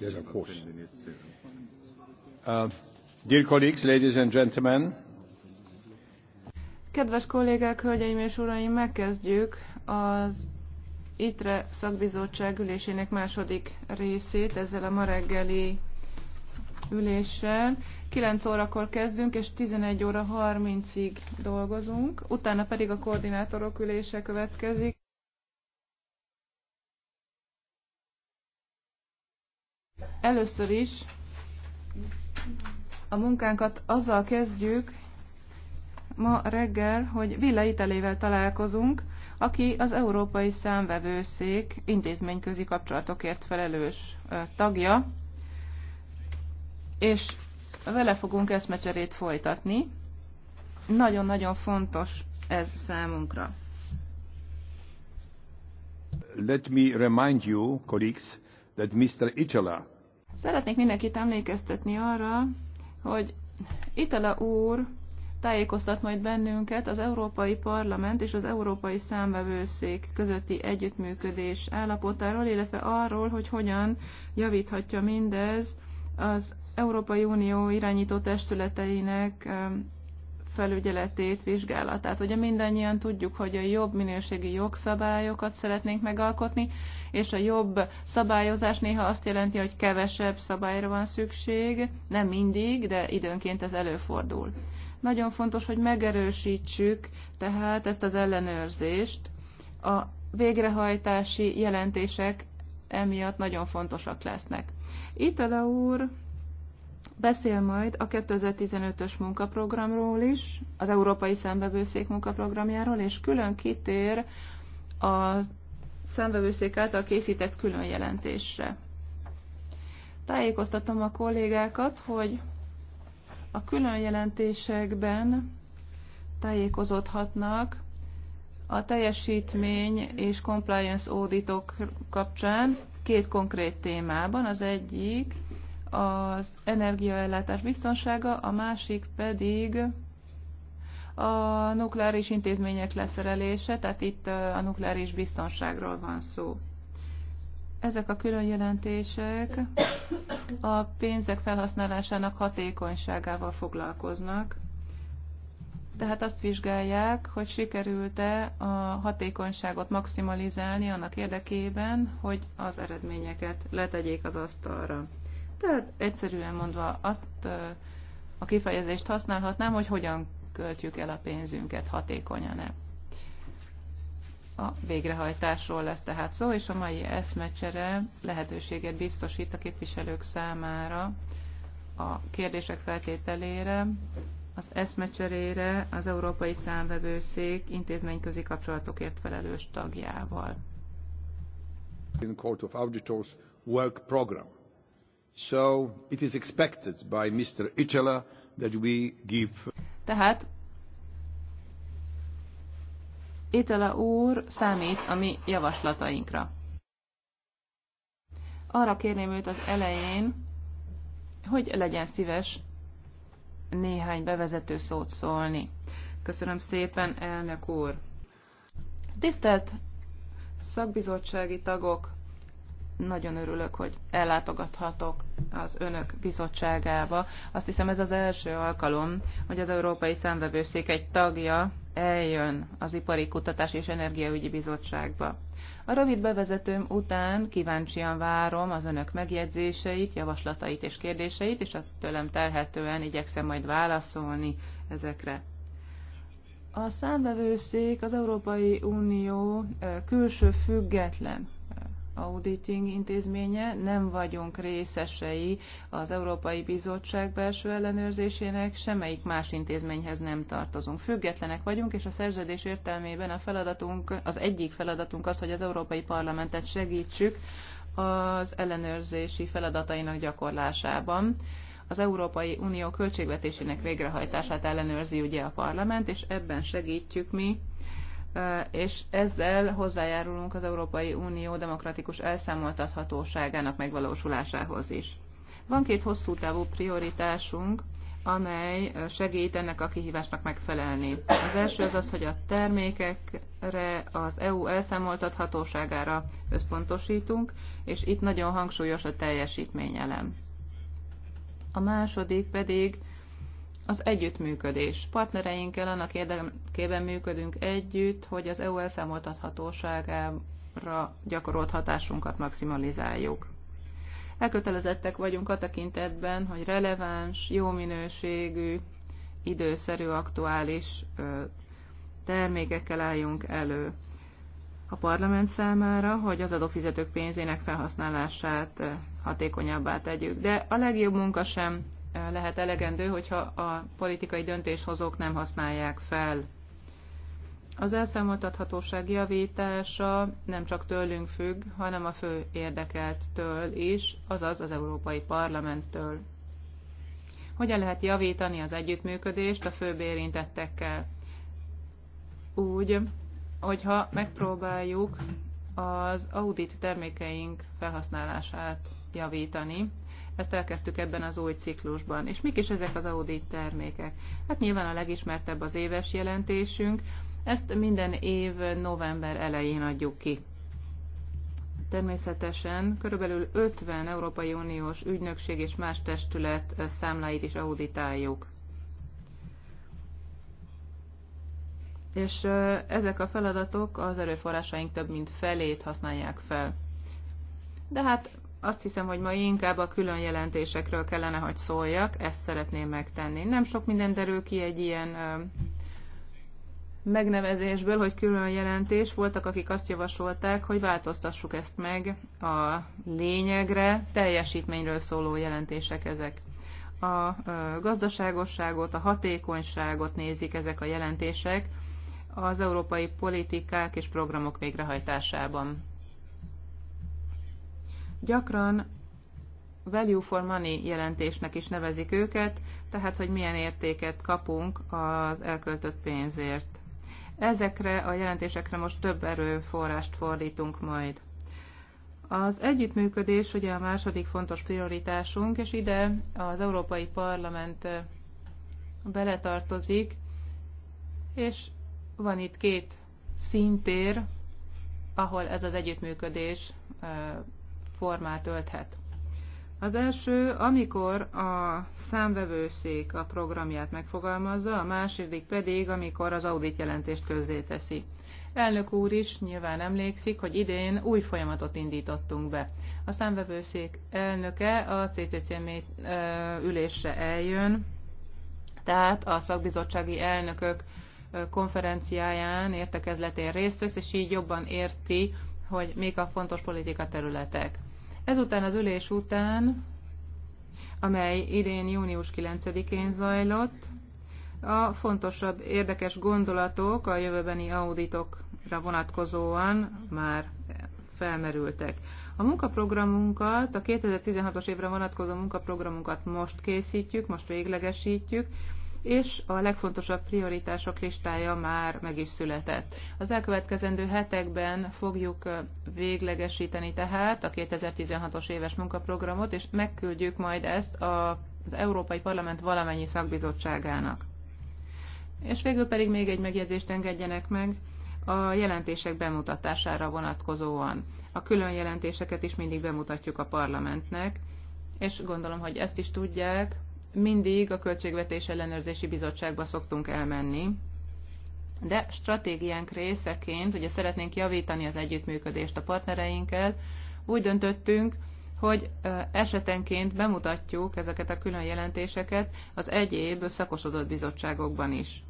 Yes, of course. Uh, dear colleagues, ladies and gentlemen. Kedves kollégák, hölgyeim és uraim, megkezdjük az ITRE szakbizottság ülésének második részét ezzel a ma reggeli üléssel. 9 órakor kezdünk, és 11 óra 30-ig dolgozunk, utána pedig a koordinátorok ülése következik. Először is a munkánkat azzal kezdjük ma reggel, hogy Villa Italével találkozunk, aki az Európai Számvevőszék intézményközi kapcsolatokért felelős tagja, és vele fogunk eszmecserét folytatni. Nagyon-nagyon fontos ez számunkra. Let me remind you, colleagues, that Mr. Itala Szeretnék mindenkit emlékeztetni arra, hogy Itala úr tájékoztat majd bennünket az Európai Parlament és az Európai Számvevőszék közötti együttműködés állapotáról, illetve arról, hogy hogyan javíthatja mindez az Európai Unió irányító testületeinek felügyeletét, vizsgálatát. Ugye mindannyian tudjuk, hogy a jobb minőségi jogszabályokat szeretnénk megalkotni, és a jobb szabályozás néha azt jelenti, hogy kevesebb szabályra van szükség, nem mindig, de időnként ez előfordul. Nagyon fontos, hogy megerősítsük tehát ezt az ellenőrzést. A végrehajtási jelentések emiatt nagyon fontosak lesznek. Itala úr beszél majd a 2015-ös munkaprogramról is, az Európai Szembevőszék munkaprogramjáról, és külön kitér a szembevőszék által készített külön jelentésre. Tájékoztatom a kollégákat, hogy a külön jelentésekben tájékozódhatnak a teljesítmény és compliance auditok kapcsán két konkrét témában. Az egyik az energiaellátás biztonsága, a másik pedig a nukleáris intézmények leszerelése, tehát itt a nukleáris biztonságról van szó. Ezek a külön jelentések a pénzek felhasználásának hatékonyságával foglalkoznak. Tehát azt vizsgálják, hogy sikerült-e a hatékonyságot maximalizálni annak érdekében, hogy az eredményeket letegyék az asztalra. Tehát egyszerűen mondva azt a kifejezést használhatnám, hogy hogyan költjük el a pénzünket hatékonyan-e. A végrehajtásról lesz tehát szó, és a mai eszmecsere lehetőséget biztosít a képviselők számára a kérdések feltételére, az eszmecserére az Európai Számvevőszék intézményközi kapcsolatokért felelős tagjával. In Court of Auditors Work Program So it is expected by Mr. Itala that we give... Tehát Itala úr számít a mi javaslatainkra. Arra kérném őt az elején, hogy legyen szíves néhány bevezető szót szólni. Köszönöm szépen, elnök úr! Tisztelt szakbizottsági tagok, nagyon örülök, hogy ellátogathatok az önök bizottságába. Azt hiszem ez az első alkalom, hogy az Európai Számvevőszék egy tagja eljön az Ipari Kutatás és Energiaügyi Bizottságba. A rövid bevezetőm után kíváncsian várom az önök megjegyzéseit, javaslatait és kérdéseit, és a tőlem telhetően igyekszem majd válaszolni ezekre. A számvevőszék az Európai Unió külső független auditing intézménye, nem vagyunk részesei az Európai Bizottság belső ellenőrzésének, semmelyik más intézményhez nem tartozunk. Függetlenek vagyunk, és a szerződés értelmében a feladatunk, az egyik feladatunk az, hogy az Európai Parlamentet segítsük az ellenőrzési feladatainak gyakorlásában az Európai Unió költségvetésének végrehajtását ellenőrzi ugye a parlament, és ebben segítjük mi és ezzel hozzájárulunk az Európai Unió demokratikus elszámoltathatóságának megvalósulásához is. Van két hosszú távú prioritásunk, amely segít ennek a kihívásnak megfelelni. Az első az az, hogy a termékekre, az EU elszámoltathatóságára összpontosítunk, és itt nagyon hangsúlyos a teljesítményelem. A második pedig az együttműködés. Partnereinkkel annak érdekében működünk együtt, hogy az EU elszámoltathatóságára gyakorolt hatásunkat maximalizáljuk. Elkötelezettek vagyunk a tekintetben, hogy releváns, jó minőségű, időszerű, aktuális termékekkel álljunk elő a parlament számára, hogy az adófizetők pénzének felhasználását hatékonyabbá tegyük. De a legjobb munka sem lehet elegendő, hogyha a politikai döntéshozók nem használják fel. Az elszámoltathatóság javítása nem csak tőlünk függ, hanem a fő érdekelttől is, azaz az Európai Parlamenttől. Hogyan lehet javítani az együttműködést a főbb érintettekkel? Úgy, hogyha megpróbáljuk az audit termékeink felhasználását javítani, ezt elkezdtük ebben az új ciklusban. És mik is ezek az audit termékek? Hát nyilván a legismertebb az éves jelentésünk. Ezt minden év november elején adjuk ki. Természetesen körülbelül 50 Európai Uniós ügynökség és más testület számláit is auditáljuk. És ezek a feladatok az erőforrásaink több mint felét használják fel. De hát azt hiszem, hogy ma inkább a külön jelentésekről kellene, hogy szóljak, ezt szeretném megtenni. Nem sok minden derül ki egy ilyen megnevezésből, hogy külön jelentés. Voltak, akik azt javasolták, hogy változtassuk ezt meg a lényegre, teljesítményről szóló jelentések ezek. A gazdaságosságot, a hatékonyságot nézik ezek a jelentések az európai politikák és programok végrehajtásában. Gyakran value for money jelentésnek is nevezik őket, tehát hogy milyen értéket kapunk az elköltött pénzért. Ezekre a jelentésekre most több erőforrást fordítunk majd. Az együttműködés ugye a második fontos prioritásunk, és ide az Európai Parlament beletartozik, és van itt két szintér, ahol ez az együttműködés formát ölthet. Az első, amikor a számvevőszék a programját megfogalmazza, a második pedig, amikor az audit jelentést közzéteszi. Elnök úr is nyilván emlékszik, hogy idén új folyamatot indítottunk be. A számvevőszék elnöke a CCC ülésre eljön, tehát a szakbizottsági elnökök konferenciáján, értekezletén részt vesz, és így jobban érti, hogy mik a fontos politika területek Ezután az ülés után, amely idén június 9-én zajlott, a fontosabb érdekes gondolatok a jövőbeni auditokra vonatkozóan már felmerültek. A munkaprogramunkat, a 2016-os évre vonatkozó munkaprogramunkat most készítjük, most véglegesítjük, és a legfontosabb prioritások listája már meg is született. Az elkövetkezendő hetekben fogjuk véglegesíteni tehát a 2016-os éves munkaprogramot, és megküldjük majd ezt az Európai Parlament valamennyi szakbizottságának. És végül pedig még egy megjegyzést engedjenek meg a jelentések bemutatására vonatkozóan. A külön jelentéseket is mindig bemutatjuk a parlamentnek, és gondolom, hogy ezt is tudják, mindig a Költségvetés Ellenőrzési Bizottságba szoktunk elmenni, de stratégiánk részeként, ugye szeretnénk javítani az együttműködést a partnereinkkel, úgy döntöttünk, hogy esetenként bemutatjuk ezeket a külön jelentéseket az egyéb szakosodott bizottságokban is.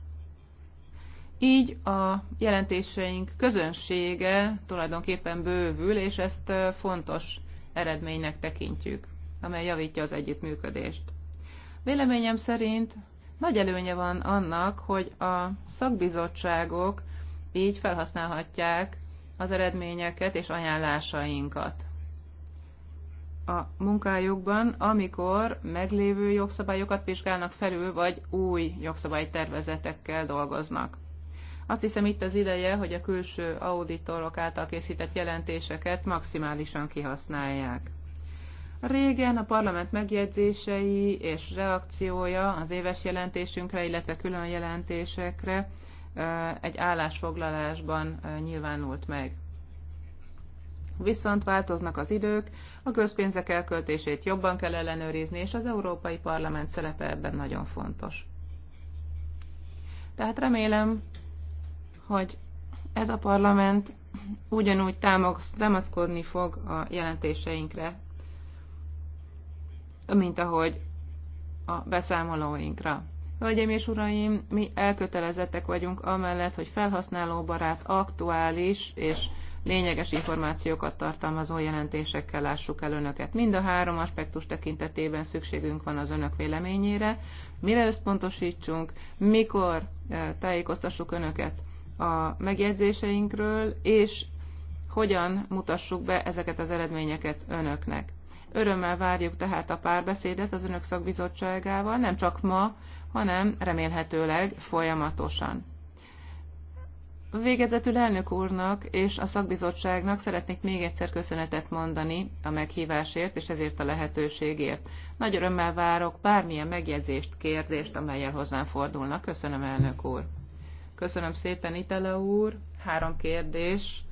Így a jelentéseink közönsége tulajdonképpen bővül, és ezt fontos eredménynek tekintjük, amely javítja az együttműködést. Véleményem szerint nagy előnye van annak, hogy a szakbizottságok így felhasználhatják az eredményeket és ajánlásainkat a munkájukban, amikor meglévő jogszabályokat vizsgálnak felül, vagy új jogszabálytervezetekkel dolgoznak. Azt hiszem itt az ideje, hogy a külső auditorok által készített jelentéseket maximálisan kihasználják. Régen a parlament megjegyzései és reakciója az éves jelentésünkre, illetve külön jelentésekre egy állásfoglalásban nyilvánult meg. Viszont változnak az idők, a közpénzek elköltését jobban kell ellenőrizni, és az Európai Parlament szerepe ebben nagyon fontos. Tehát remélem, hogy ez a parlament ugyanúgy támaszkodni fog a jelentéseinkre, mint ahogy a beszámolóinkra. Hölgyeim és uraim, mi elkötelezettek vagyunk amellett, hogy felhasználóbarát, aktuális és lényeges információkat tartalmazó jelentésekkel lássuk el önöket. Mind a három aspektus tekintetében szükségünk van az önök véleményére, mire összpontosítsunk, mikor eh, tájékoztassuk önöket a megjegyzéseinkről, és hogyan mutassuk be ezeket az eredményeket önöknek. Örömmel várjuk tehát a párbeszédet az önök szakbizottságával, nem csak ma, hanem remélhetőleg folyamatosan. Végezetül elnök úrnak és a szakbizottságnak szeretnék még egyszer köszönetet mondani a meghívásért és ezért a lehetőségért. Nagy örömmel várok bármilyen megjegyzést, kérdést, amelyel hozzám fordulnak. Köszönöm, elnök úr. Köszönöm szépen, Itele úr. Három kérdés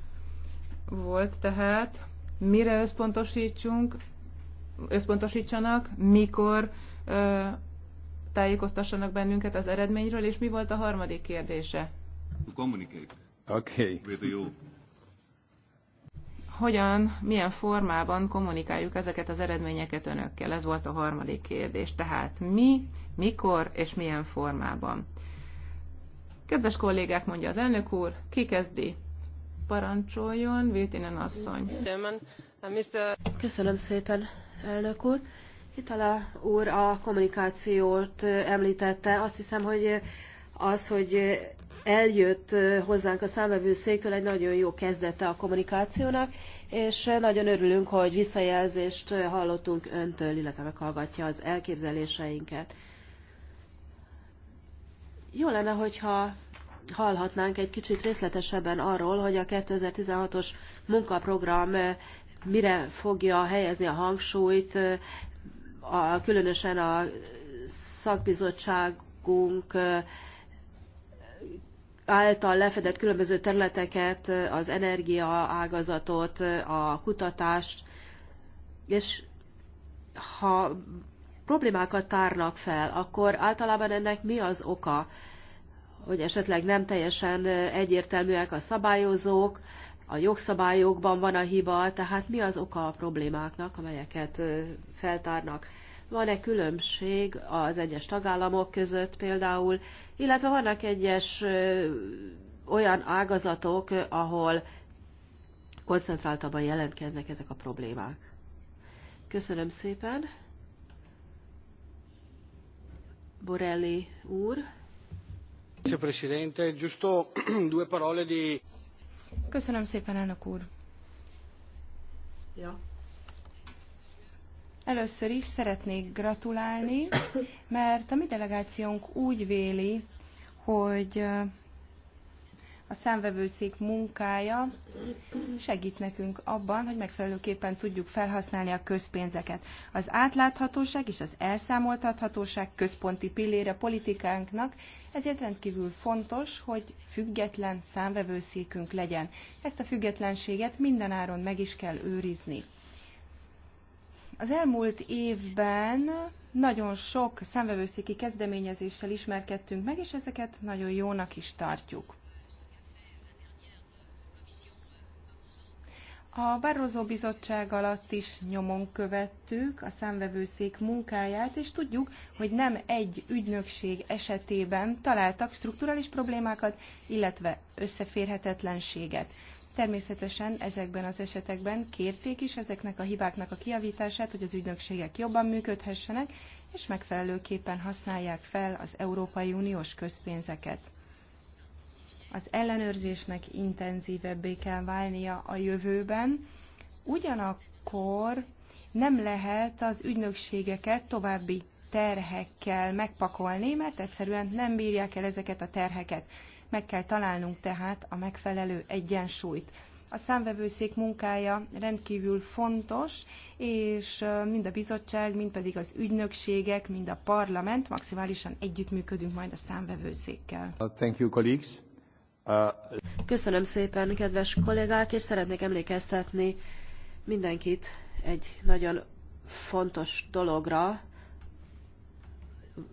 volt tehát. Mire összpontosítsunk, összpontosítsanak, mikor ö, tájékoztassanak bennünket az eredményről, és mi volt a harmadik kérdése? Okay. Hogyan, milyen formában kommunikáljuk ezeket az eredményeket önökkel? Ez volt a harmadik kérdés. Tehát mi, mikor és milyen formában? Kedves kollégák, mondja az elnök úr, ki kezdi? Parancsoljon, Viltinen asszony. Uh, Köszönöm szépen, elnök úr. Itala úr a kommunikációt említette. Azt hiszem, hogy az, hogy eljött hozzánk a számvevőszéktől egy nagyon jó kezdete a kommunikációnak, és nagyon örülünk, hogy visszajelzést hallottunk öntől, illetve meghallgatja az elképzeléseinket. Jó lenne, hogyha hallhatnánk egy kicsit részletesebben arról, hogy a 2016-os munkaprogram mire fogja helyezni a hangsúlyt, a, különösen a szakbizottságunk által lefedett különböző területeket, az energia ágazatot, a kutatást, és ha problémákat tárnak fel, akkor általában ennek mi az oka, hogy esetleg nem teljesen egyértelműek a szabályozók, a jogszabályokban van a hiba, tehát mi az oka a problémáknak, amelyeket feltárnak. Van-e különbség az egyes tagállamok között például, illetve vannak egyes olyan ágazatok, ahol koncentráltabban jelentkeznek ezek a problémák. Köszönöm szépen. Borelli úr. Vice Presidente, giusto due parole di Köszönöm szépen, elnök úr. Ja. Először is szeretnék gratulálni, mert a mi delegációnk úgy véli, hogy a számvevőszék munkája segít nekünk abban, hogy megfelelőképpen tudjuk felhasználni a közpénzeket. Az átláthatóság és az elszámoltathatóság központi pillére politikánknak, ezért rendkívül fontos, hogy független számvevőszékünk legyen. Ezt a függetlenséget mindenáron meg is kell őrizni. Az elmúlt évben nagyon sok számvevőszéki kezdeményezéssel ismerkedtünk meg, és ezeket nagyon jónak is tartjuk. A Barroso bizottság alatt is nyomon követtük a számvevőszék munkáját, és tudjuk, hogy nem egy ügynökség esetében találtak strukturális problémákat, illetve összeférhetetlenséget. Természetesen ezekben az esetekben kérték is ezeknek a hibáknak a kiavítását, hogy az ügynökségek jobban működhessenek, és megfelelőképpen használják fel az Európai Uniós közpénzeket. Az ellenőrzésnek intenzívebbé kell válnia a jövőben, ugyanakkor nem lehet az ügynökségeket további terhekkel megpakolni, mert egyszerűen nem bírják el ezeket a terheket. Meg kell találnunk tehát a megfelelő egyensúlyt. A számvevőszék munkája rendkívül fontos, és mind a bizottság, mind pedig az ügynökségek, mind a parlament maximálisan együttműködünk majd a számvevőszékkel. Thank you, colleagues. Uh, Köszönöm szépen, kedves kollégák, és szeretnék emlékeztetni mindenkit egy nagyon fontos dologra,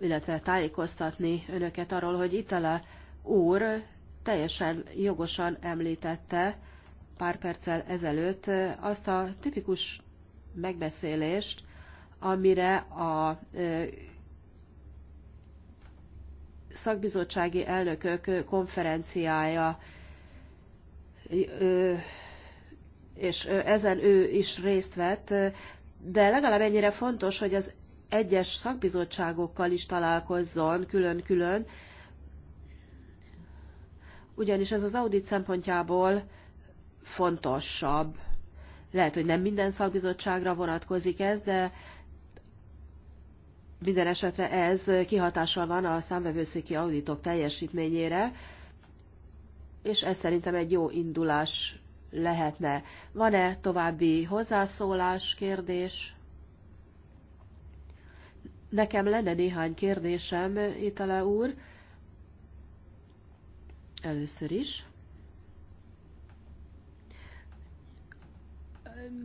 illetve tájékoztatni önöket arról, hogy Itele úr teljesen jogosan említette pár perccel ezelőtt azt a tipikus megbeszélést, amire a szakbizottsági elnökök konferenciája, és ezen ő is részt vett, de legalább ennyire fontos, hogy az egyes szakbizottságokkal is találkozzon külön-külön, ugyanis ez az audit szempontjából fontosabb. Lehet, hogy nem minden szakbizottságra vonatkozik ez, de minden esetre ez kihatással van a számvevőszéki auditok teljesítményére, és ez szerintem egy jó indulás lehetne. Van-e további hozzászólás, kérdés? Nekem lenne néhány kérdésem, Itala úr. Először is.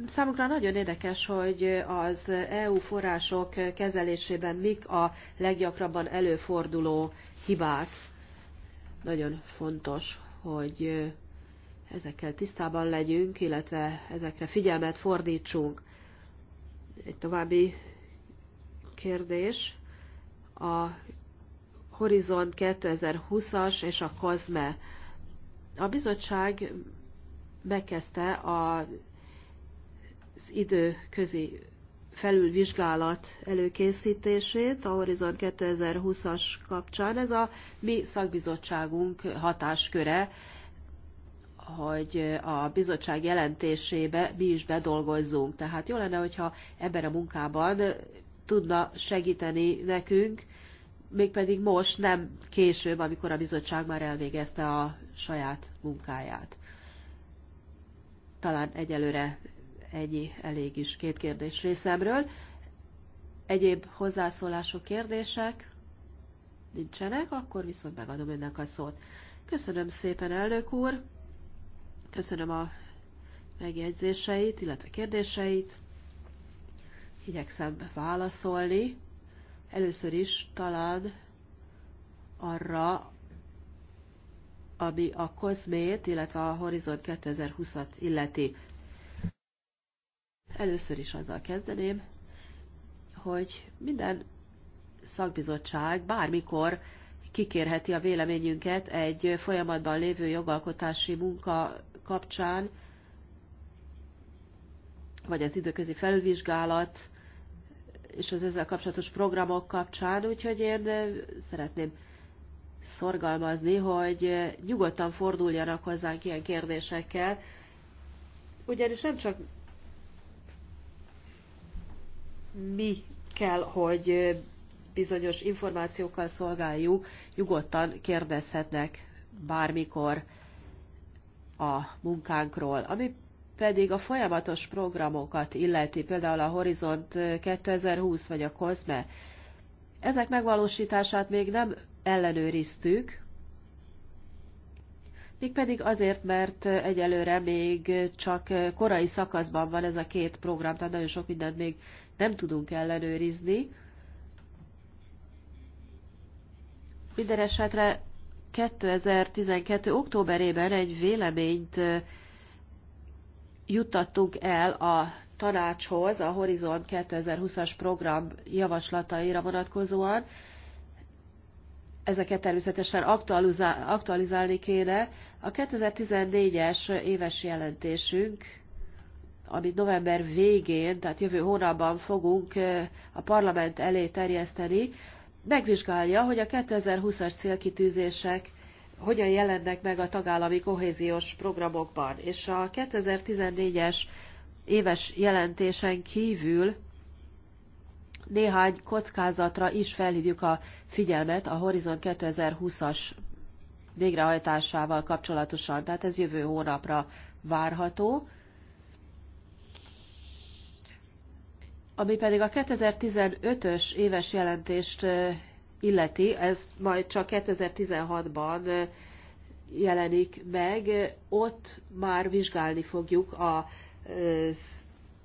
Számukra nagyon érdekes, hogy az EU források kezelésében mik a leggyakrabban előforduló hibák. Nagyon fontos, hogy ezekkel tisztában legyünk, illetve ezekre figyelmet fordítsunk. Egy további kérdés. A Horizon 2020-as és a COSME. A bizottság megkezdte a az időközi felülvizsgálat előkészítését a Horizon 2020-as kapcsán. Ez a mi szakbizottságunk hatásköre, hogy a bizottság jelentésébe mi is bedolgozzunk. Tehát jó lenne, hogyha ebben a munkában tudna segíteni nekünk, mégpedig most, nem később, amikor a bizottság már elvégezte a saját munkáját. Talán egyelőre egy elég is két kérdés részemről. Egyéb hozzászólások, kérdések nincsenek, akkor viszont megadom önnek a szót. Köszönöm szépen, elnök úr! Köszönöm a megjegyzéseit, illetve kérdéseit. Igyekszem válaszolni. Először is talán arra, ami a kozmét, illetve a Horizont 2020-at illeti. Először is azzal kezdeném, hogy minden szakbizottság bármikor kikérheti a véleményünket egy folyamatban lévő jogalkotási munka kapcsán, vagy az időközi felülvizsgálat és az ezzel kapcsolatos programok kapcsán, úgyhogy én szeretném szorgalmazni, hogy nyugodtan forduljanak hozzánk ilyen kérdésekkel, ugyanis nem csak mi kell, hogy bizonyos információkkal szolgáljuk, nyugodtan kérdezhetnek bármikor a munkánkról. Ami pedig a folyamatos programokat illeti, például a Horizont 2020 vagy a COSME, ezek megvalósítását még nem ellenőriztük, mégpedig azért, mert egyelőre még csak korai szakaszban van ez a két program, tehát nagyon sok mindent még nem tudunk ellenőrizni. Minden esetre 2012. októberében egy véleményt juttattunk el a tanácshoz a Horizon 2020-as program javaslataira vonatkozóan. Ezeket természetesen aktualizálni kéne. A 2014-es éves jelentésünk amit november végén, tehát jövő hónapban fogunk a parlament elé terjeszteni, megvizsgálja, hogy a 2020-as célkitűzések hogyan jelennek meg a tagállami kohéziós programokban. És a 2014-es éves jelentésen kívül néhány kockázatra is felhívjuk a figyelmet a Horizon 2020-as végrehajtásával kapcsolatosan. Tehát ez jövő hónapra várható. Ami pedig a 2015-ös éves jelentést illeti, ez majd csak 2016-ban jelenik meg, ott már vizsgálni fogjuk az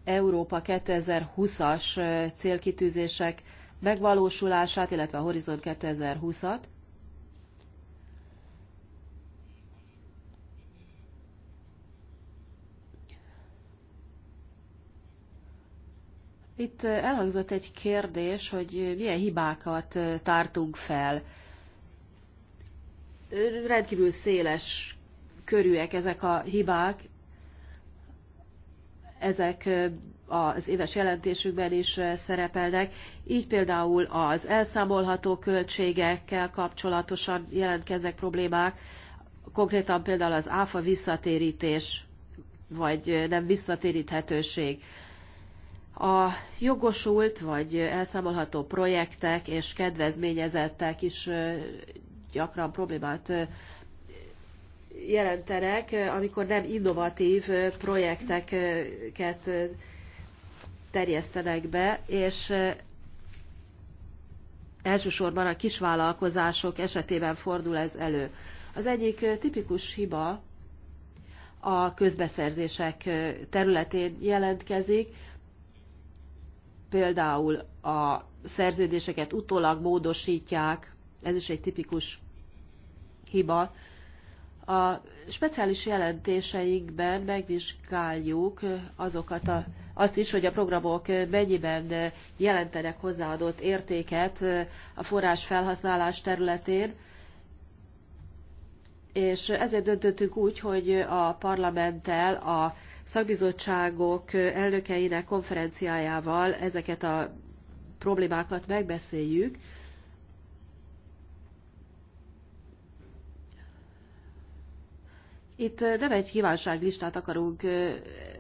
Európa 2020-as célkitűzések megvalósulását, illetve a Horizon 2020-at. Itt elhangzott egy kérdés, hogy milyen hibákat tártunk fel. Rendkívül széles körűek ezek a hibák, ezek az éves jelentésükben is szerepelnek. Így például az elszámolható költségekkel kapcsolatosan jelentkeznek problémák, konkrétan például az áfa visszatérítés, vagy nem visszatéríthetőség a jogosult vagy elszámolható projektek és kedvezményezettek is gyakran problémát jelentenek, amikor nem innovatív projekteket terjesztenek be, és elsősorban a kisvállalkozások esetében fordul ez elő. Az egyik tipikus hiba a közbeszerzések területén jelentkezik, például a szerződéseket utólag módosítják, ez is egy tipikus hiba. A speciális jelentéseikben megvizsgáljuk azokat a, azt is, hogy a programok mennyiben jelentenek hozzáadott értéket a forrás felhasználás területén, és ezért döntöttünk úgy, hogy a parlamenttel a szakbizottságok elnökeinek konferenciájával ezeket a problémákat megbeszéljük. Itt nem egy kívánságlistát akarunk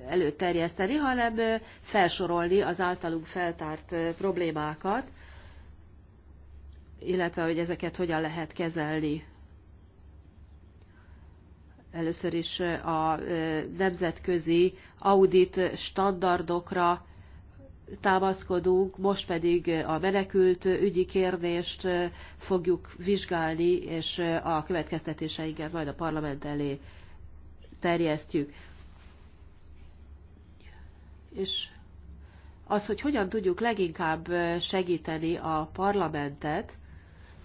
előterjeszteni, hanem felsorolni az általunk feltárt problémákat, illetve hogy ezeket hogyan lehet kezelni. Először is a nemzetközi audit standardokra támaszkodunk, most pedig a menekült ügyi kérdést fogjuk vizsgálni, és a következtetéseinket majd a parlament elé terjesztjük. És az, hogy hogyan tudjuk leginkább segíteni a parlamentet,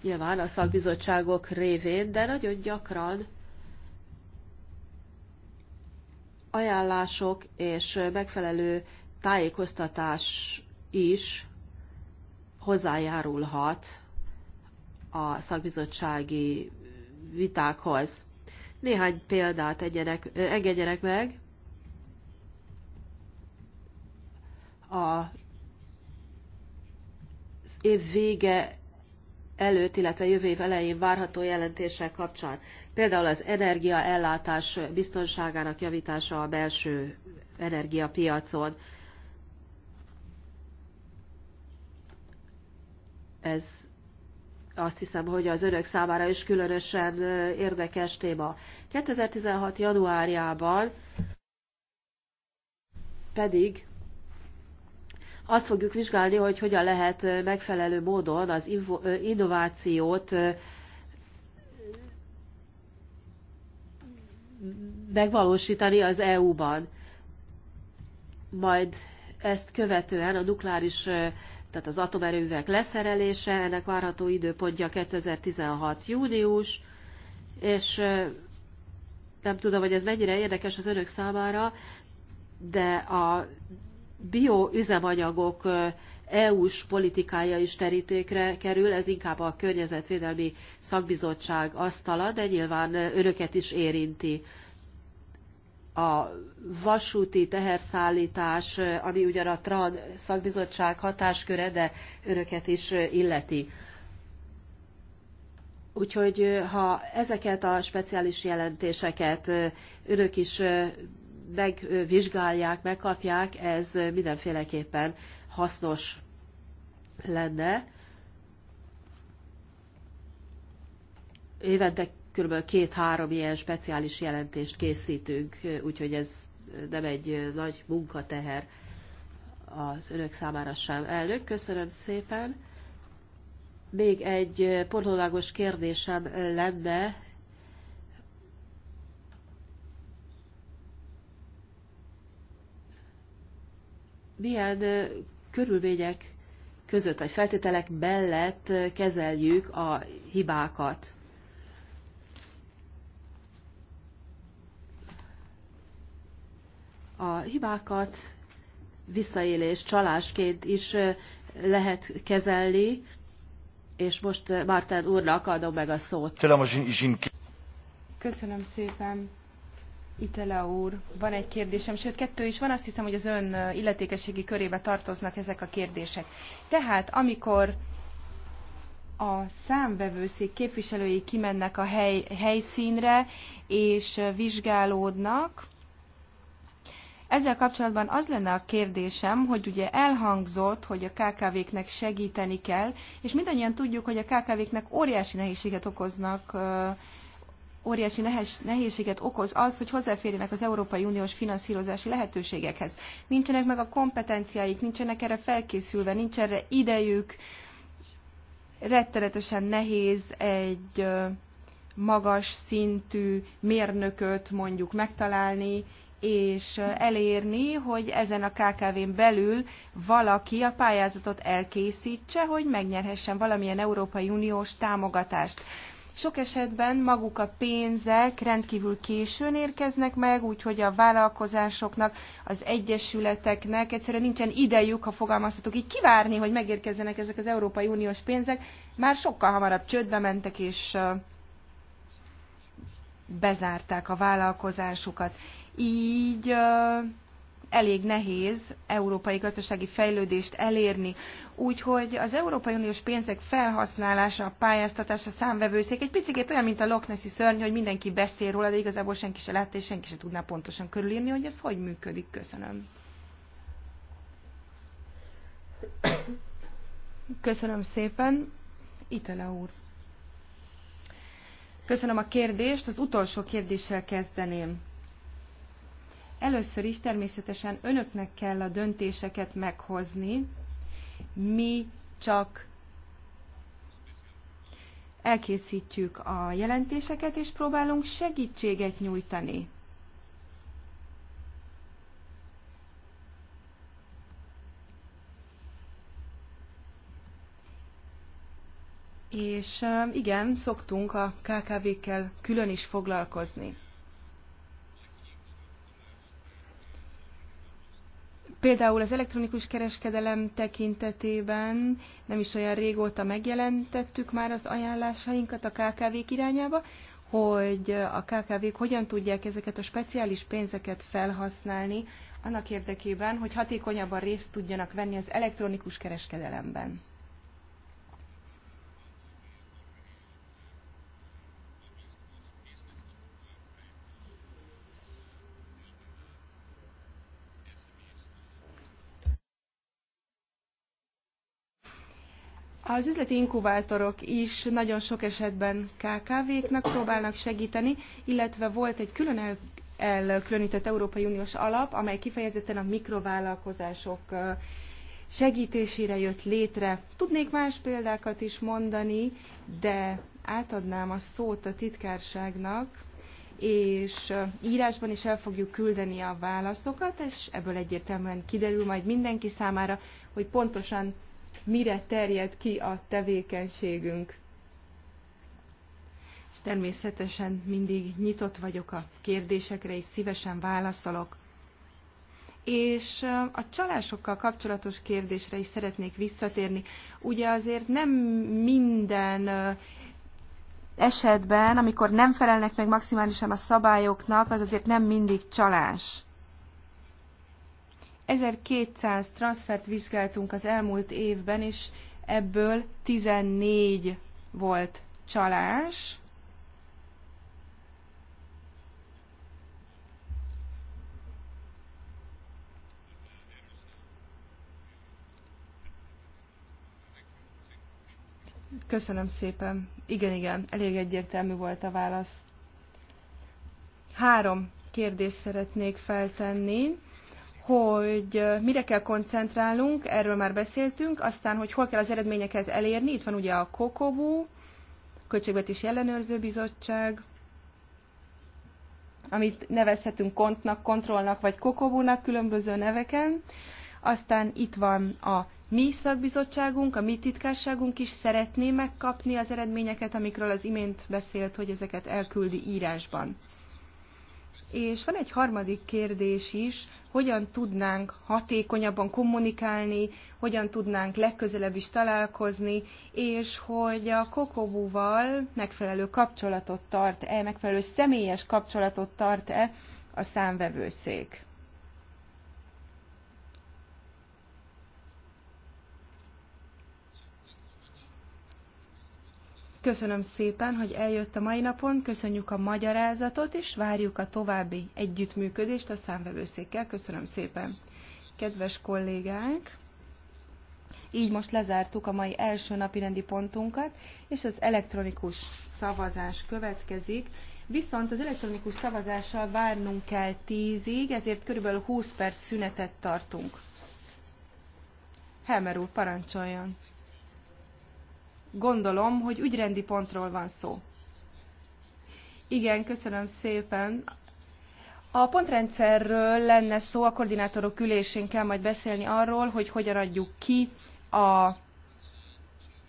nyilván a szakbizottságok révén, de nagyon gyakran ajánlások és megfelelő tájékoztatás is hozzájárulhat a szakbizottsági vitákhoz. Néhány példát egyenek, engedjenek meg. A az év vége előtt, illetve jövő év elején várható jelentéssel kapcsán. Például az energiaellátás biztonságának javítása a belső energiapiacon. Ez azt hiszem, hogy az önök számára is különösen érdekes téma. 2016. januárjában pedig azt fogjuk vizsgálni, hogy hogyan lehet megfelelő módon az innovációt megvalósítani az EU-ban. Majd ezt követően a nukleáris, tehát az atomerővek leszerelése, ennek várható időpontja 2016. június, és nem tudom, hogy ez mennyire érdekes az önök számára, de a bioüzemanyagok EU-s politikája is terítékre kerül, ez inkább a Környezetvédelmi Szakbizottság asztala, de nyilván önöket is érinti. A vasúti teherszállítás, ami ugyan a TRAN szakbizottság hatásköre, de önöket is illeti. Úgyhogy ha ezeket a speciális jelentéseket önök is megvizsgálják, megkapják, ez mindenféleképpen hasznos lenne. Évente kb. két-három ilyen speciális jelentést készítünk, úgyhogy ez nem egy nagy munkateher az önök számára sem. Elnök, köszönöm szépen. Még egy pornolagos kérdésem lenne, milyen körülmények között, vagy feltételek mellett kezeljük a hibákat. A hibákat visszaélés, csalásként is lehet kezelni, és most Márten úrnak adom meg a szót. Köszönöm szépen. Itele úr, van egy kérdésem, sőt kettő is van, azt hiszem, hogy az ön illetékességi körébe tartoznak ezek a kérdések. Tehát, amikor a számvevőszék képviselői kimennek a hely, helyszínre és vizsgálódnak. Ezzel kapcsolatban az lenne a kérdésem, hogy ugye elhangzott, hogy a KKV-knek segíteni kell, és mindannyian tudjuk, hogy a KKV-knek óriási nehézséget okoznak óriási nehézséget okoz az, hogy hozzáférjenek az Európai Uniós finanszírozási lehetőségekhez. Nincsenek meg a kompetenciáik, nincsenek erre felkészülve, nincs erre idejük. Rettenetesen nehéz egy magas szintű mérnököt mondjuk megtalálni, és elérni, hogy ezen a KKV-n belül valaki a pályázatot elkészítse, hogy megnyerhessen valamilyen Európai Uniós támogatást. Sok esetben maguk a pénzek rendkívül későn érkeznek meg, úgyhogy a vállalkozásoknak, az egyesületeknek egyszerűen nincsen idejük, ha fogalmazhatok így, kivárni, hogy megérkezzenek ezek az Európai Uniós pénzek. Már sokkal hamarabb csődbe mentek, és bezárták a vállalkozásukat. Így elég nehéz európai gazdasági fejlődést elérni. Úgyhogy az Európai Uniós pénzek felhasználása, a pályáztatása, a számvevőszék egy picit olyan, mint a Loch Nessi szörny, hogy mindenki beszél róla, de igazából senki se látta, és senki se tudná pontosan körülírni, hogy ez hogy működik. Köszönöm. Köszönöm szépen. Itele úr. Köszönöm a kérdést. Az utolsó kérdéssel kezdeném. Először is természetesen önöknek kell a döntéseket meghozni. Mi csak elkészítjük a jelentéseket, és próbálunk segítséget nyújtani. És igen, szoktunk a KKV-kkel külön is foglalkozni. Például az elektronikus kereskedelem tekintetében nem is olyan régóta megjelentettük már az ajánlásainkat a KKV-k irányába, hogy a KKV-k hogyan tudják ezeket a speciális pénzeket felhasználni annak érdekében, hogy hatékonyabban részt tudjanak venni az elektronikus kereskedelemben. Az üzleti inkubátorok is nagyon sok esetben KKV-knak próbálnak segíteni, illetve volt egy külön el, elkülönített Európai Uniós alap, amely kifejezetten a mikrovállalkozások segítésére jött létre. Tudnék más példákat is mondani, de átadnám a szót a titkárságnak, és írásban is el fogjuk küldeni a válaszokat, és ebből egyértelműen kiderül majd mindenki számára, hogy pontosan mire terjed ki a tevékenységünk. És természetesen mindig nyitott vagyok a kérdésekre, és szívesen válaszolok. És a csalásokkal kapcsolatos kérdésre is szeretnék visszatérni. Ugye azért nem minden esetben, amikor nem felelnek meg maximálisan a szabályoknak, az azért nem mindig csalás. 1200 transfert vizsgáltunk az elmúlt évben, és ebből 14 volt csalás. Köszönöm szépen. Igen, igen, elég egyértelmű volt a válasz. Három kérdést szeretnék feltenni hogy mire kell koncentrálnunk, erről már beszéltünk, aztán, hogy hol kell az eredményeket elérni, itt van ugye a Kokovú, Költségvetési Ellenőrző Bizottság, amit nevezhetünk kontnak, kontrollnak vagy kokobúnak különböző neveken. Aztán itt van a mi szakbizottságunk, a mi titkárságunk is szeretné megkapni az eredményeket, amikről az imént beszélt, hogy ezeket elküldi írásban. És van egy harmadik kérdés is, hogyan tudnánk hatékonyabban kommunikálni, hogyan tudnánk legközelebb is találkozni, és hogy a kokobúval megfelelő kapcsolatot tart-e, megfelelő személyes kapcsolatot tart-e a számvevőszék. Köszönöm szépen, hogy eljött a mai napon, köszönjük a magyarázatot, és várjuk a további együttműködést a számvevőszékkel. Köszönöm szépen. Kedves kollégák, így most lezártuk a mai első napi rendi pontunkat, és az elektronikus szavazás következik. Viszont az elektronikus szavazással várnunk kell tízig, ezért körülbelül 20 perc szünetet tartunk. Helmer úr, parancsoljon! gondolom, hogy ügyrendi pontról van szó. Igen, köszönöm szépen. A pontrendszerről lenne szó, a koordinátorok ülésén kell majd beszélni arról, hogy hogyan adjuk ki a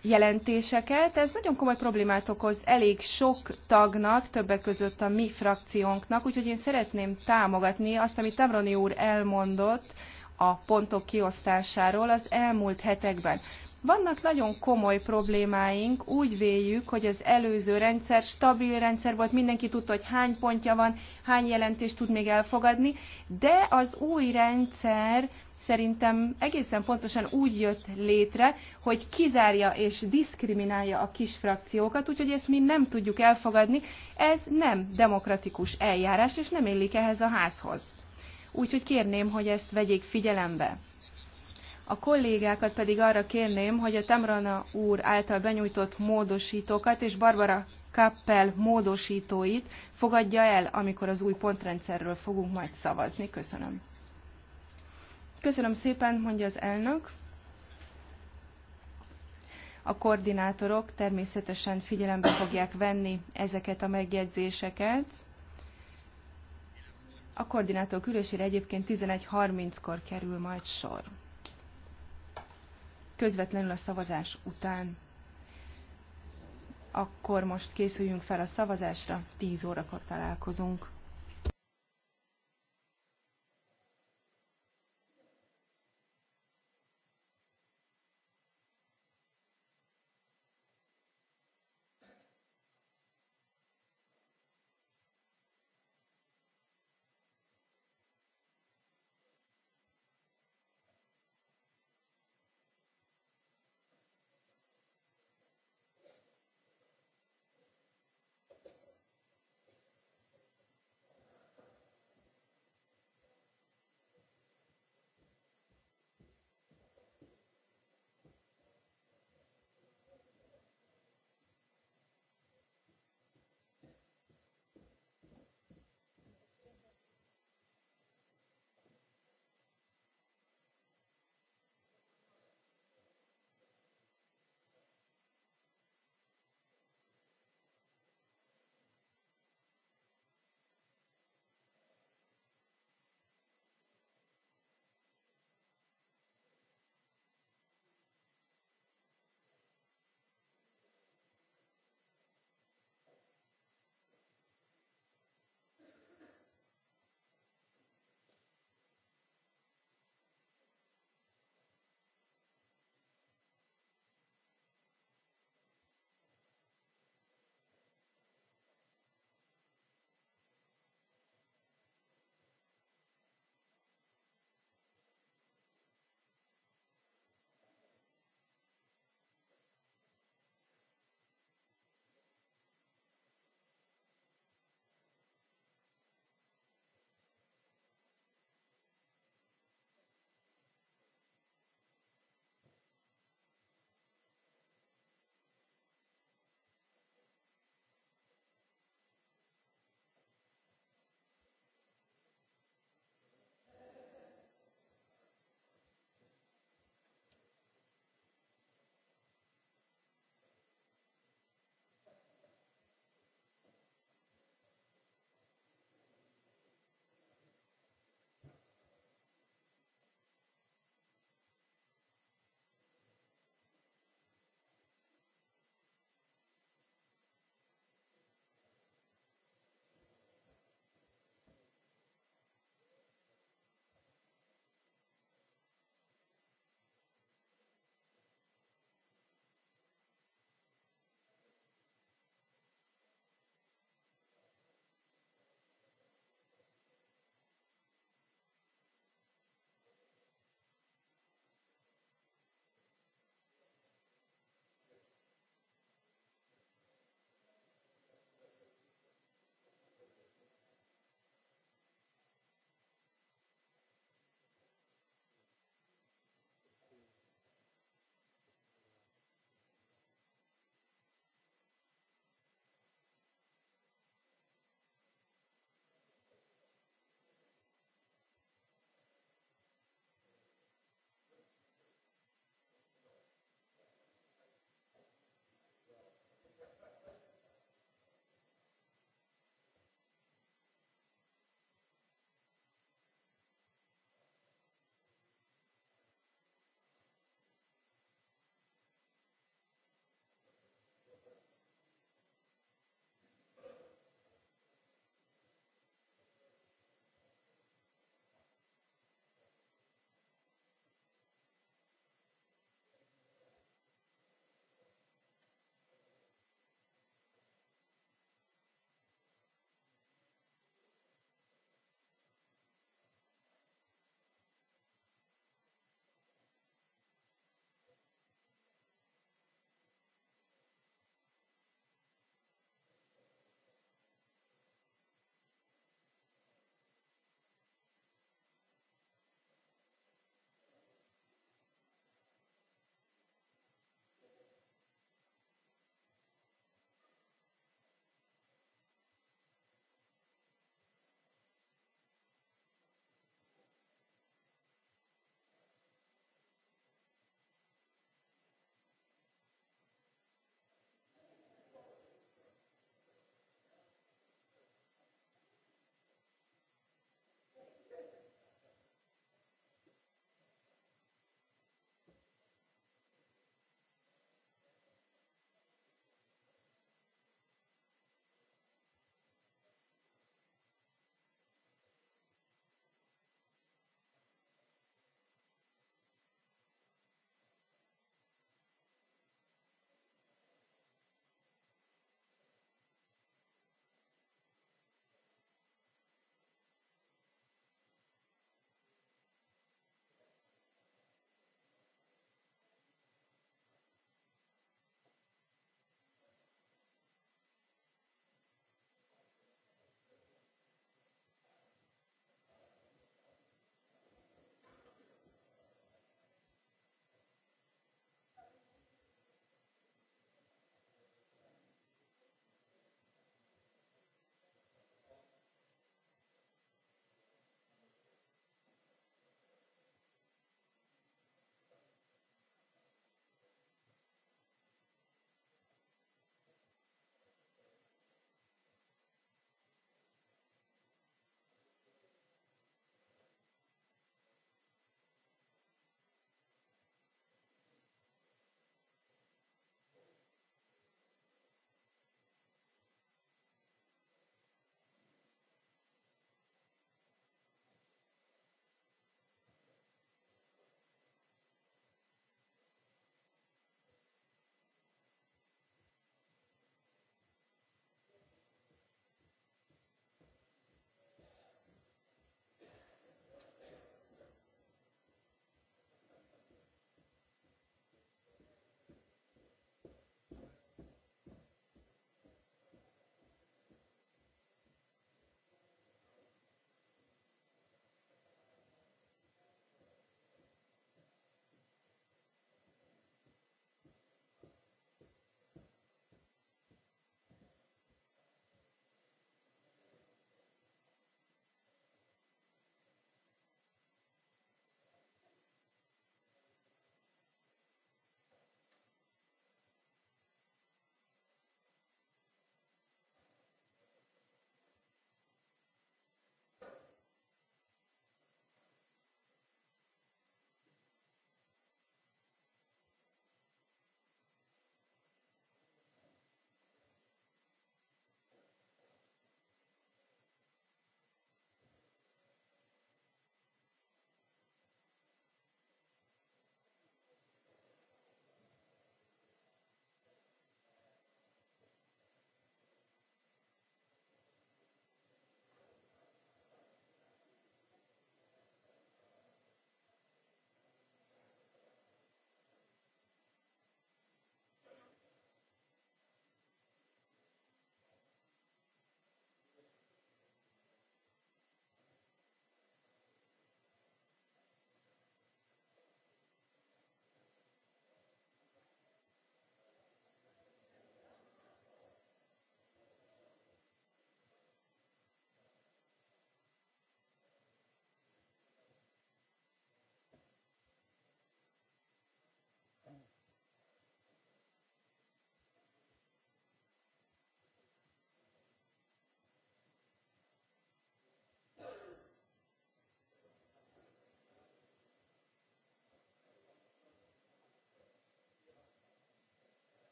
jelentéseket. Ez nagyon komoly problémát okoz elég sok tagnak, többek között a mi frakciónknak, úgyhogy én szeretném támogatni azt, amit Tavroni úr elmondott a pontok kiosztásáról az elmúlt hetekben. Vannak nagyon komoly problémáink, úgy véljük, hogy az előző rendszer stabil rendszer volt, mindenki tudta, hogy hány pontja van, hány jelentést tud még elfogadni, de az új rendszer szerintem egészen pontosan úgy jött létre, hogy kizárja és diszkriminálja a kis frakciókat, úgyhogy ezt mi nem tudjuk elfogadni. Ez nem demokratikus eljárás, és nem illik ehhez a házhoz. Úgyhogy kérném, hogy ezt vegyék figyelembe. A kollégákat pedig arra kérném, hogy a Temrana úr által benyújtott módosítókat és Barbara Kappel módosítóit fogadja el, amikor az új pontrendszerről fogunk majd szavazni. Köszönöm. Köszönöm szépen, mondja az elnök. A koordinátorok természetesen figyelembe fogják venni ezeket a megjegyzéseket. A koordinátor ülésére egyébként 11.30-kor kerül majd sor közvetlenül a szavazás után. Akkor most készüljünk fel a szavazásra, 10 órakor találkozunk.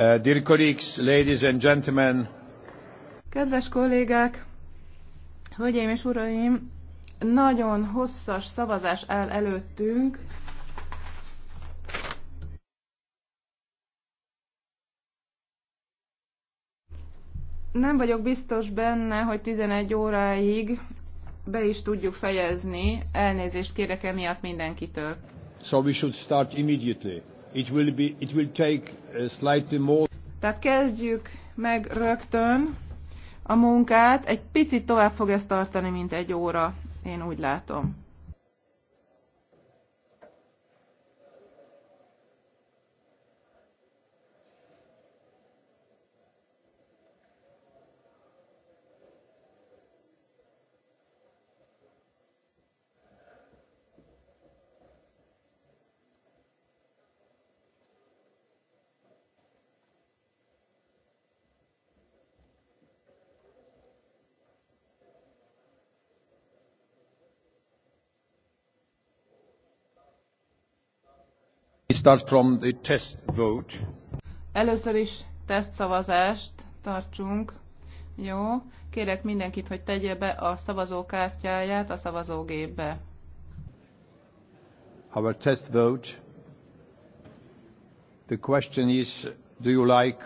Uh, dear colleagues, ladies and gentlemen. Kedves kollégák, hölgyeim és uraim, nagyon hosszas szavazás áll előttünk. Nem vagyok biztos benne, hogy 11 óráig be is tudjuk fejezni. Elnézést kérek emiatt mindenkitől. So we should start immediately. It will be, it will take uh, slightly more. Tehát kezdjük meg rögtön a munkát. Egy picit tovább fog ez tartani, mint egy óra, én úgy látom. start from the test vote. Először is tesztszavazást tartsunk. Jó. Kérek mindenkit, hogy tegye be a szavazókártyáját a szavazógépbe. Our test vote. The question is, do you like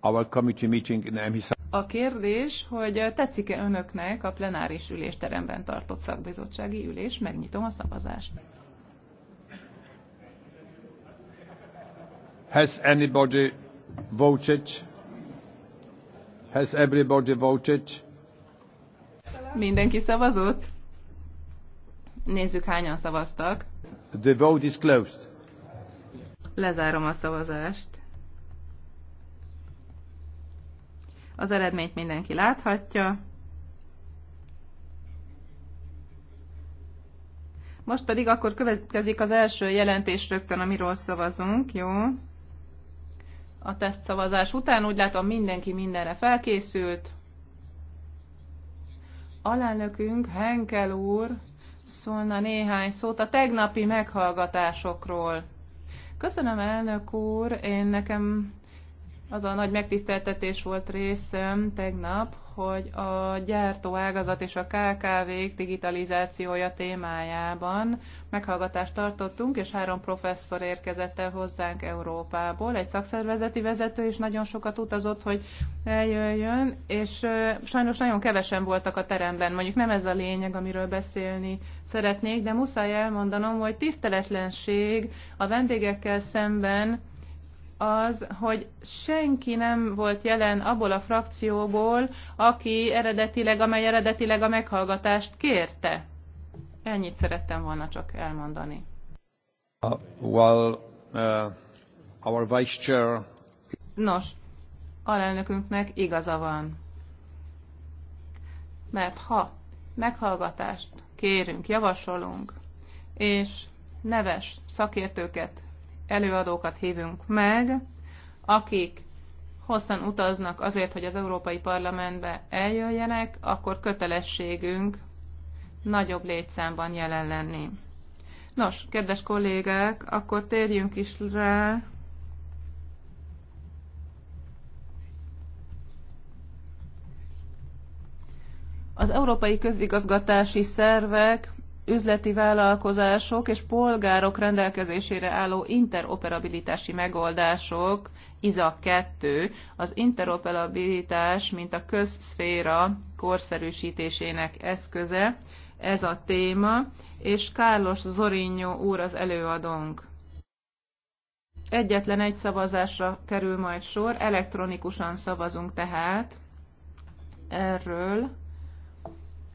our committee meeting in Emhisa? A kérdés, hogy tetszik-e önöknek a plenáris ülésteremben tartott szakbizottsági ülés, megnyitom a szavazást. Has anybody voted? Has everybody voted? Mindenki szavazott? Nézzük, hányan szavaztak. The vote is closed. Lezárom a szavazást. Az eredményt mindenki láthatja. Most pedig akkor következik az első jelentés rögtön, amiről szavazunk, jó? a tesztszavazás után. Úgy látom, mindenki mindenre felkészült. Alelnökünk Henkel úr szólna néhány szót a tegnapi meghallgatásokról. Köszönöm, elnök úr, én nekem az a nagy megtiszteltetés volt részem tegnap, hogy a gyártóágazat és a kkv digitalizációja témájában meghallgatást tartottunk, és három professzor érkezett el hozzánk Európából. Egy szakszervezeti vezető is nagyon sokat utazott, hogy eljöjjön, és sajnos nagyon kevesen voltak a teremben. Mondjuk nem ez a lényeg, amiről beszélni szeretnék, de muszáj elmondanom, hogy tiszteletlenség a vendégekkel szemben az, hogy senki nem volt jelen abból a frakcióból, aki eredetileg, amely eredetileg a meghallgatást kérte. Ennyit szerettem volna csak elmondani. Uh, well, uh, our vice chair... Nos, alelnökünknek igaza van. Mert ha meghallgatást kérünk, javasolunk, és neves szakértőket előadókat hívunk meg, akik hosszan utaznak azért, hogy az Európai Parlamentbe eljöjjenek, akkor kötelességünk nagyobb létszámban jelen lenni. Nos, kedves kollégák, akkor térjünk is rá az európai közigazgatási szervek üzleti vállalkozások és polgárok rendelkezésére álló interoperabilitási megoldások, IZA 2, az interoperabilitás, mint a közszféra korszerűsítésének eszköze, ez a téma, és Carlos Zorinho úr az előadónk. Egyetlen egy szavazásra kerül majd sor, elektronikusan szavazunk tehát erről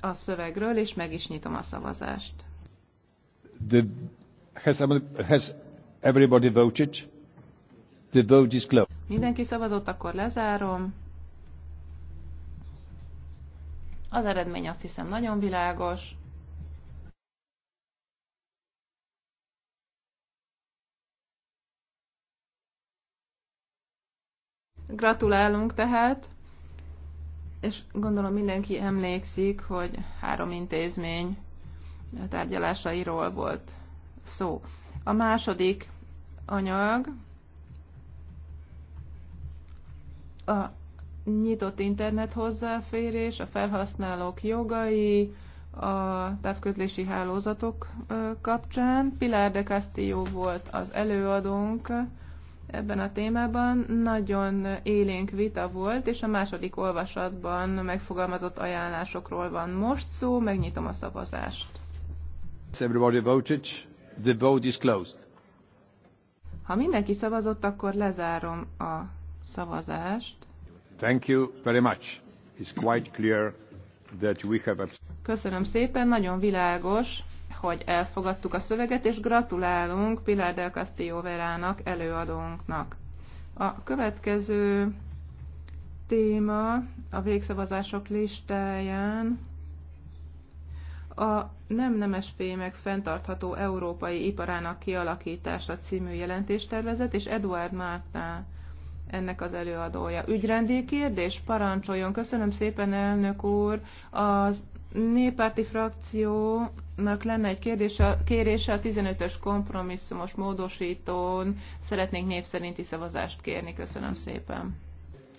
a szövegről, és meg is nyitom a szavazást. The, has, has everybody voted? The vote is closed. Mindenki szavazott, akkor lezárom. Az eredmény azt hiszem nagyon világos. Gratulálunk tehát és gondolom mindenki emlékszik, hogy három intézmény tárgyalásairól volt szó. A második anyag a nyitott internet hozzáférés, a felhasználók jogai, a távközlési hálózatok kapcsán. Pilar de Castillo volt az előadónk, ebben a témában nagyon élénk vita volt, és a második olvasatban megfogalmazott ajánlásokról van most szó, megnyitom a szavazást. The vote is closed. Ha mindenki szavazott, akkor lezárom a szavazást. Thank you very much. It's quite clear that we have a... Köszönöm szépen, nagyon világos, hogy elfogadtuk a szöveget, és gratulálunk Pilar del Castillo Verának, előadónknak. A következő téma a végszavazások listáján a nem nemes fémek fenntartható európai iparának kialakítása című jelentéstervezet, és Eduard Mártán ennek az előadója. Ügyrendi kérdés? Parancsoljon. Köszönöm szépen, elnök úr. Az néppárti frakciónak lenne egy kérdése, kérése a 15-ös kompromisszumos módosítón. Szeretnék név szerinti szavazást kérni. Köszönöm szépen.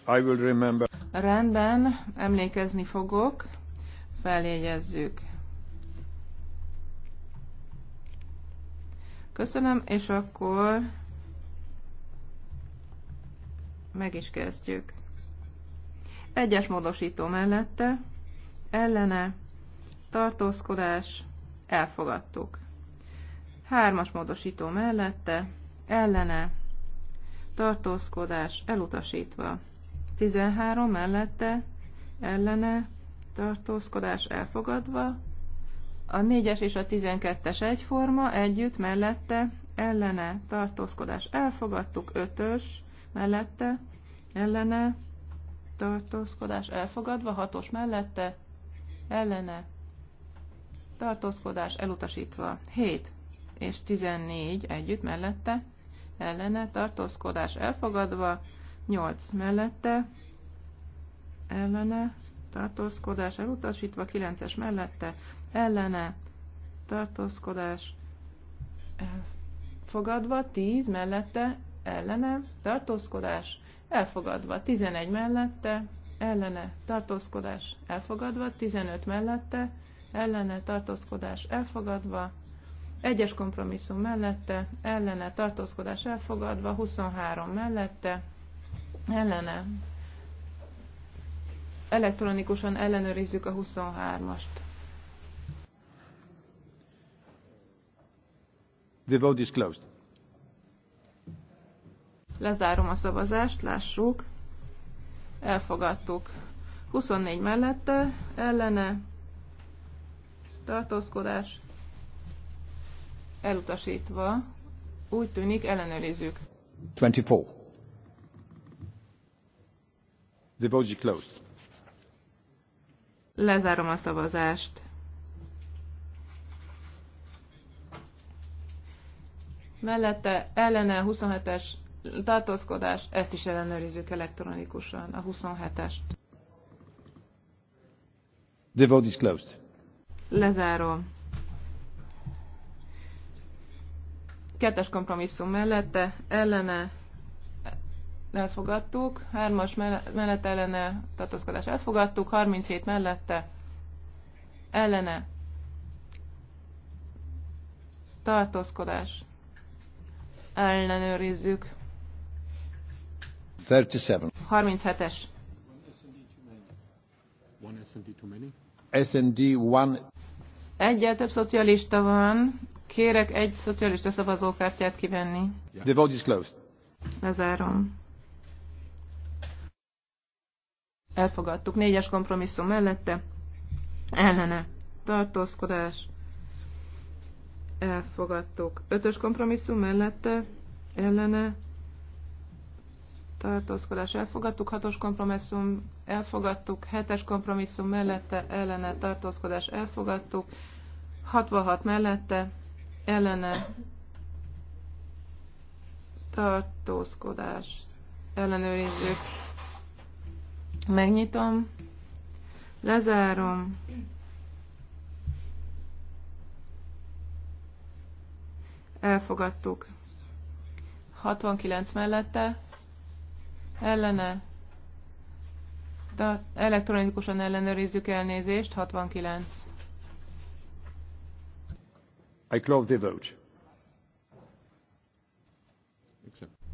I will remember. Rendben, emlékezni fogok. Feljegyezzük. Köszönöm, és akkor meg is kezdjük. Egyes módosító mellette, ellene, tartózkodás, elfogadtuk. Hármas módosító mellette, ellene, tartózkodás, elutasítva. 13 mellette, ellene, tartózkodás, elfogadva. A 4-es és a 12-es egyforma, együtt, mellette, ellene, tartózkodás, elfogadtuk. 5-ös, mellette, ellene, tartózkodás, elfogadva. 6-os mellette, ellene, tartózkodás elutasítva. 7 és 14 együtt mellette, ellene tartózkodás elfogadva, 8 mellette, ellene tartózkodás elutasítva, 9-es mellette, ellene tartózkodás elfogadva, 10 mellette, ellene tartózkodás elfogadva, 11 mellette, ellene tartózkodás elfogadva, 15 mellette, ellene tartózkodás elfogadva, egyes kompromisszum mellette, ellene tartózkodás elfogadva, 23 mellette, ellene. Elektronikusan ellenőrizzük a 23-ast. The vote is closed. Lezárom a szavazást, lássuk. Elfogadtuk. 24 mellette, ellene, tartózkodás elutasítva, úgy tűnik ellenőrizzük. 24. The vote is closed. Lezárom a szavazást. Mellette ellene 27-es tartózkodás, ezt is ellenőrizzük elektronikusan, a 27-est. The vote is closed. Lezárom. Kettes kompromisszum mellette, ellene elfogadtuk, hármas mellette ellene tartózkodás elfogadtuk, 37 mellette ellene tartózkodás ellenőrizzük. 37. 37-es. One SND too many. SND one... Egyel több szocialista van. Kérek egy szocialista szavazókártyát kivenni. The vote is closed. Lezárom. Elfogadtuk. Négyes kompromisszum mellette. Ellene. Tartózkodás. Elfogadtuk. Ötös kompromisszum mellette. Ellene tartózkodás elfogadtuk, hatos kompromisszum elfogadtuk, hetes kompromisszum mellette ellene tartózkodás elfogadtuk, 66 mellette ellene tartózkodás ellenőrizzük. Megnyitom, lezárom, elfogadtuk. 69 mellette ellene, de elektronikusan ellenőrizzük elnézést, 69. I close the vote.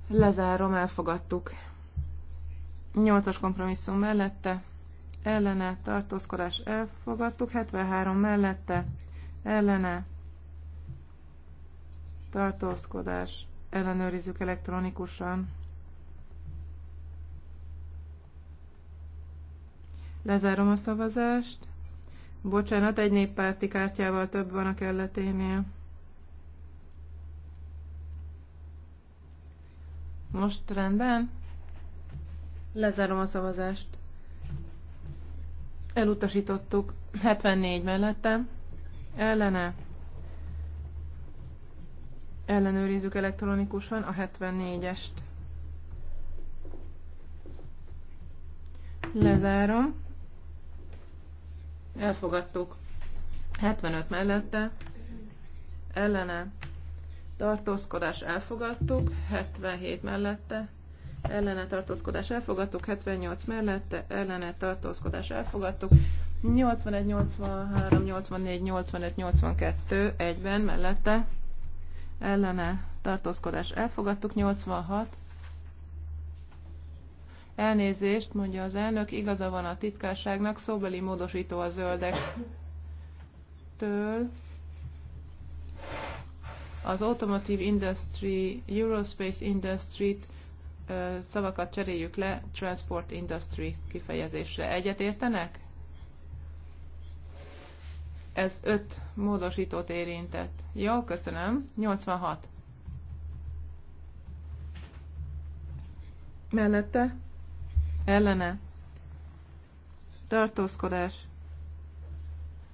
Lezárom, elfogadtuk. 8-as kompromisszum mellette, ellene, tartózkodás elfogadtuk, 73 mellette, ellene, tartózkodás, ellenőrizzük elektronikusan. Lezárom a szavazást. Bocsánat, egy néppárti kártyával több van a kelleténél. Most rendben. Lezárom a szavazást. Elutasítottuk 74 mellette. Ellene. Ellenőrizzük elektronikusan a 74-est. Lezárom elfogadtuk. 75 mellette, ellene, tartózkodás elfogadtuk, 77 mellette, ellene tartózkodás elfogadtuk, 78 mellette, ellene tartózkodás elfogadtuk, 81, 83, 84, 85, 82 egyben mellette, ellene tartózkodás elfogadtuk, 86 Elnézést, mondja az elnök, igaza van a titkárságnak, szóbeli módosító a Től Az Automotive Industry, Eurospace industry szavakat cseréljük le Transport Industry kifejezésre. Egyet értenek? Ez öt módosítót érintett. Jó, köszönöm. 86. Mellette? ellene tartózkodás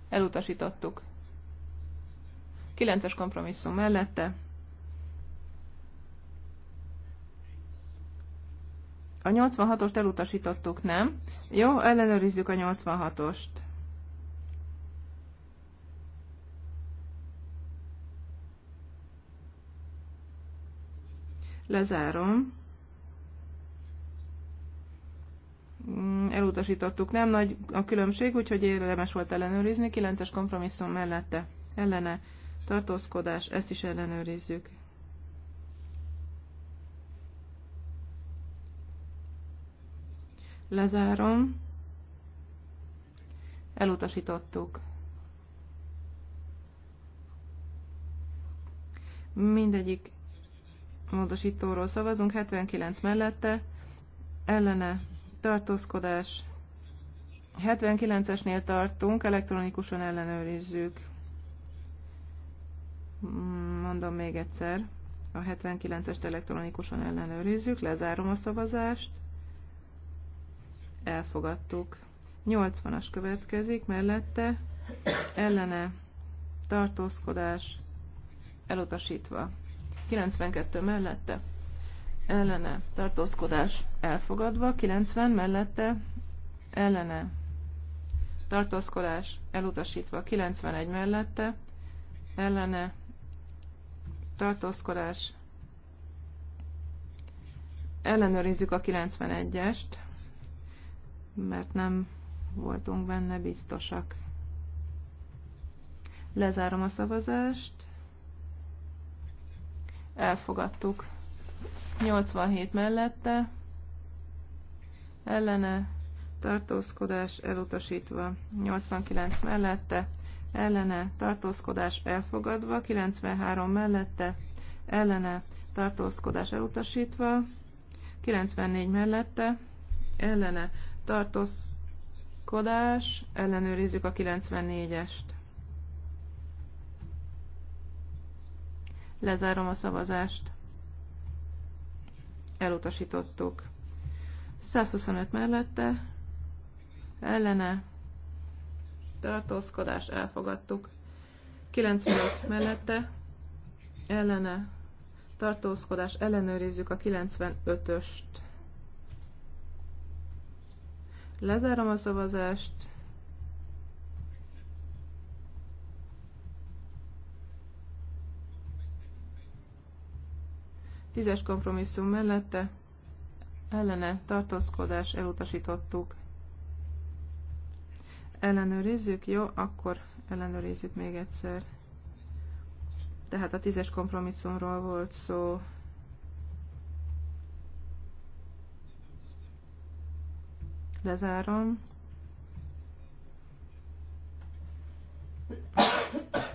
elutasítottuk. Kilences kompromisszum mellette A 86-ost elutasítottuk, nem? Jó, ellenőrizzük a 86-ost. Lezárom. Mm, elutasítottuk. Nem nagy a különbség, úgyhogy érdemes volt ellenőrizni. 9-es kompromisszum mellette ellene tartózkodás, ezt is ellenőrizzük. Lezárom. Elutasítottuk. Mindegyik módosítóról szavazunk, 79 mellette, ellene tartózkodás. 79-esnél tartunk, elektronikusan ellenőrizzük. Mm, mondom még egyszer, a 79-est elektronikusan ellenőrizzük, lezárom a szavazást. Elfogadtuk. 80-as következik, mellette ellene tartózkodás elutasítva. 92 mellette ellene tartózkodás elfogadva, 90 mellette ellene tartózkodás elutasítva, 91 mellette ellene tartózkodás ellenőrizzük a 91-est, mert nem voltunk benne biztosak. Lezárom a szavazást. Elfogadtuk. 87 mellette, ellene, tartózkodás elutasítva, 89 mellette, ellene, tartózkodás elfogadva, 93 mellette, ellene, tartózkodás elutasítva, 94 mellette, ellene, tartózkodás, ellenőrizzük a 94-est. Lezárom a szavazást elutasítottuk. 125 mellette, ellene, tartózkodás, elfogadtuk. 95 mellette, ellene, tartózkodás, ellenőrizzük a 95-öst. Lezárom a szavazást. Tízes kompromisszum mellette ellene tartózkodás elutasítottuk. Ellenőrizzük? Jó, akkor ellenőrizzük még egyszer. Tehát a tízes kompromisszumról volt szó. Lezárom.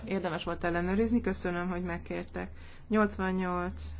Érdemes volt ellenőrizni, köszönöm, hogy megkértek. 88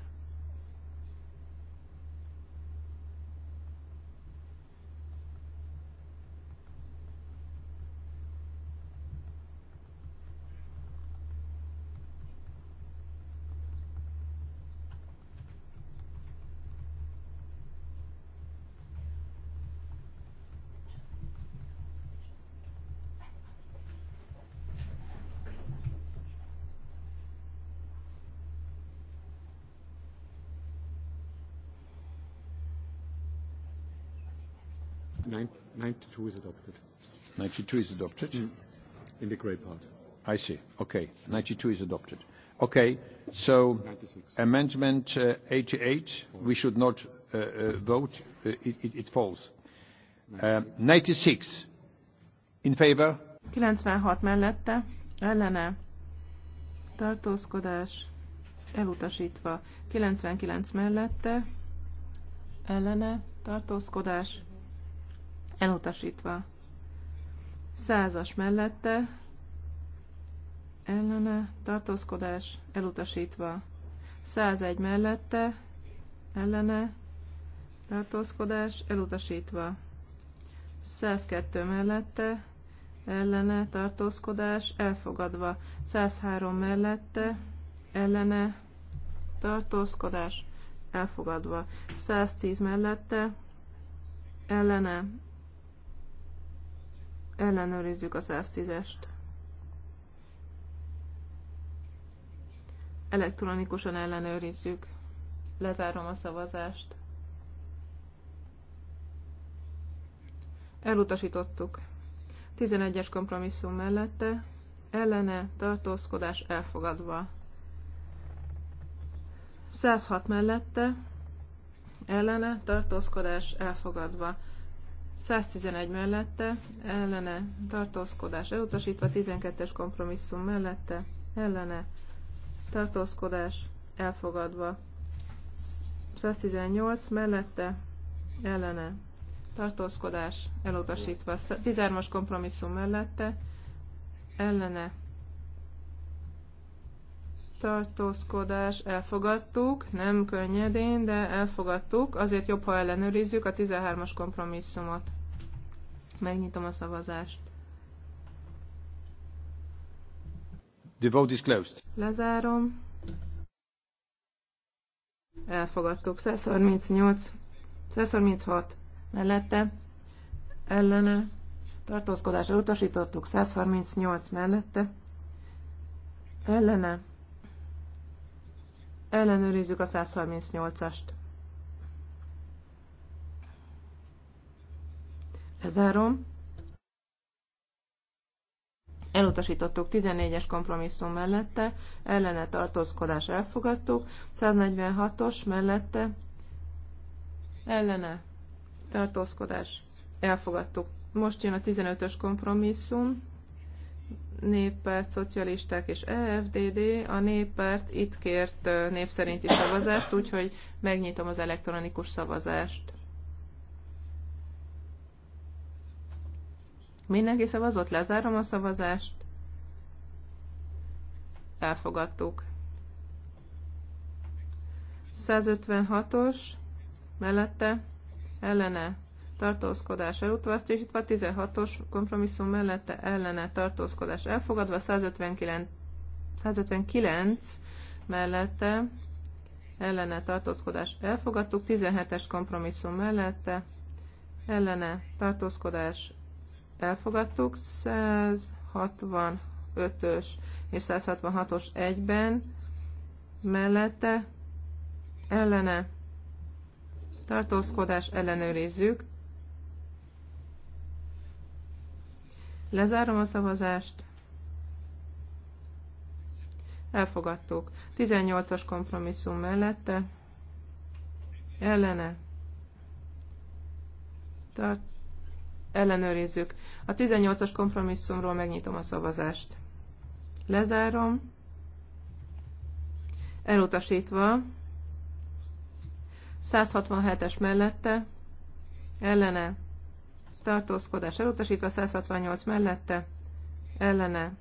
92 is adopted. 92 is adopted? Mm. In the grey part. I see. Okay. 92 is adopted. Okay. So 96. amendment uh, 88, Four. we should not uh, uh, vote. Uh, it, it, it falls. 96. Uh, 96. In favor? 96 mellette. Ellene. Tartózkodás. Elutasítva. 99 mellette. Ellene. Tartózkodás elutasítva. Százas mellette ellene tartózkodás elutasítva. 101 mellette ellene tartózkodás elutasítva. 102 mellette ellene tartózkodás elfogadva. 103 mellette ellene tartózkodás elfogadva. 110 mellette ellene Ellenőrizzük a 110-est. Elektronikusan ellenőrizzük. Lezárom a szavazást. Elutasítottuk. 11-es kompromisszum mellette, ellene tartózkodás elfogadva. 106 mellette, ellene tartózkodás elfogadva. 111 mellette, ellene tartózkodás elutasítva, 12-es kompromisszum mellette, ellene tartózkodás elfogadva, 118 mellette, ellene tartózkodás elutasítva, 13-as kompromisszum mellette, ellene tartózkodás elfogadtuk, nem könnyedén, de elfogadtuk, azért jobb, ha ellenőrizzük a 13-as kompromisszumot. Megnyitom a szavazást. The vote is closed. Lezárom. Elfogadtuk. 138. 136. Mellette. Ellene. Tartózkodásra utasítottuk. 138 mellette. Ellene Ellenőrizzük a 138-ast. Lezárom. Elutasítottuk 14-es kompromisszum mellette, ellene tartózkodás elfogadtuk, 146-os mellette, ellene tartózkodás elfogadtuk. Most jön a 15-ös kompromisszum, néppárt, szocialisták és EFDD. A néppárt itt kért név szerinti szavazást, úgyhogy megnyitom az elektronikus szavazást. Mindenki szavazott, lezárom a szavazást. Elfogadtuk. 156-os mellette ellene tartózkodás elutasítva, 16-os kompromisszum mellette ellene tartózkodás elfogadva, 159, 159 mellette ellene tartózkodás elfogadtuk, 17-es kompromisszum mellette ellene tartózkodás elfogadtuk, 165-ös és 166-os egyben mellette ellene tartózkodás ellenőrizzük, Lezárom a szavazást. Elfogadtuk. 18-as kompromisszum mellette. Ellene. Tart. Ellenőrizzük. A 18-as kompromisszumról megnyitom a szavazást. Lezárom. Elutasítva. 167-es mellette. Ellene tartózkodás elutasítva 168 mellette, ellene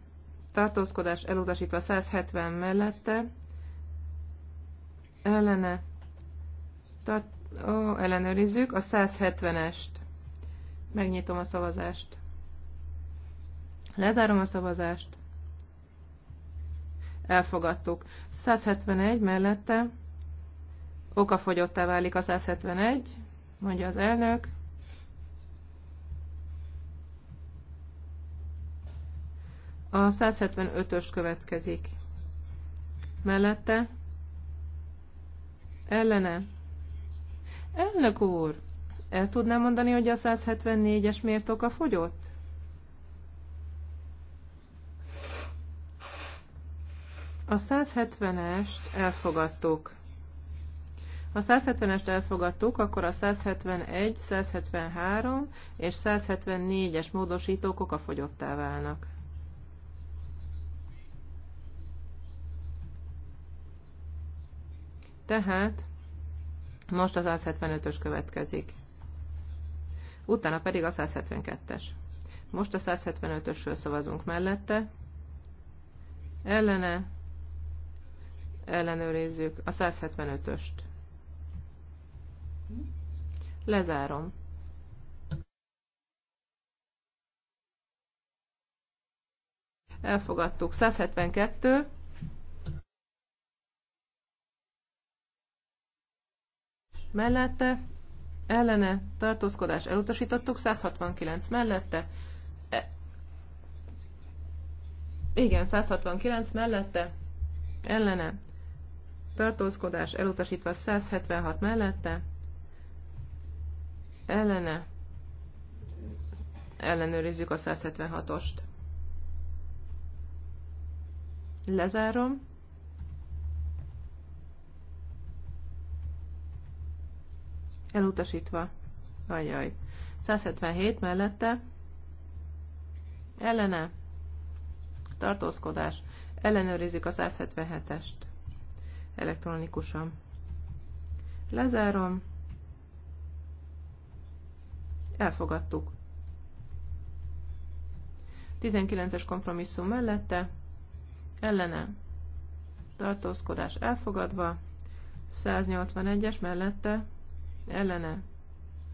tartózkodás elutasítva 170 mellette, ellene tart, ó, ellenőrizzük a 170-est. Megnyitom a szavazást. Lezárom a szavazást. Elfogadtuk. 171 mellette okafogyottá válik a 171, mondja az elnök. A 175-ös következik. Mellette? Ellene? Elnök úr, el tudná mondani, hogy a 174-es mértoka fogyott? A 170-est elfogadtuk. Ha 170-est elfogadtuk, akkor a 171, 173 és 174-es módosítók okafogyottá válnak. Tehát most az 175-ös következik. Utána pedig a 172-es. Most a 175-ösről szavazunk mellette. Ellene ellenőrizzük a 175-öst. Lezárom. Elfogadtuk. 172. mellette, ellene, tartózkodás elutasítottuk, 169 mellette, e, igen, 169 mellette, ellene, tartózkodás elutasítva 176 mellette, ellene, ellenőrizzük a 176-ost. Lezárom. Elutasítva. Ajaj. 177 mellette. Ellene. Tartózkodás. Ellenőrizzük a 177-est. Elektronikusan. Lezárom. Elfogadtuk. 19-es kompromisszum mellette. Ellene. Tartózkodás elfogadva. 181-es mellette ellene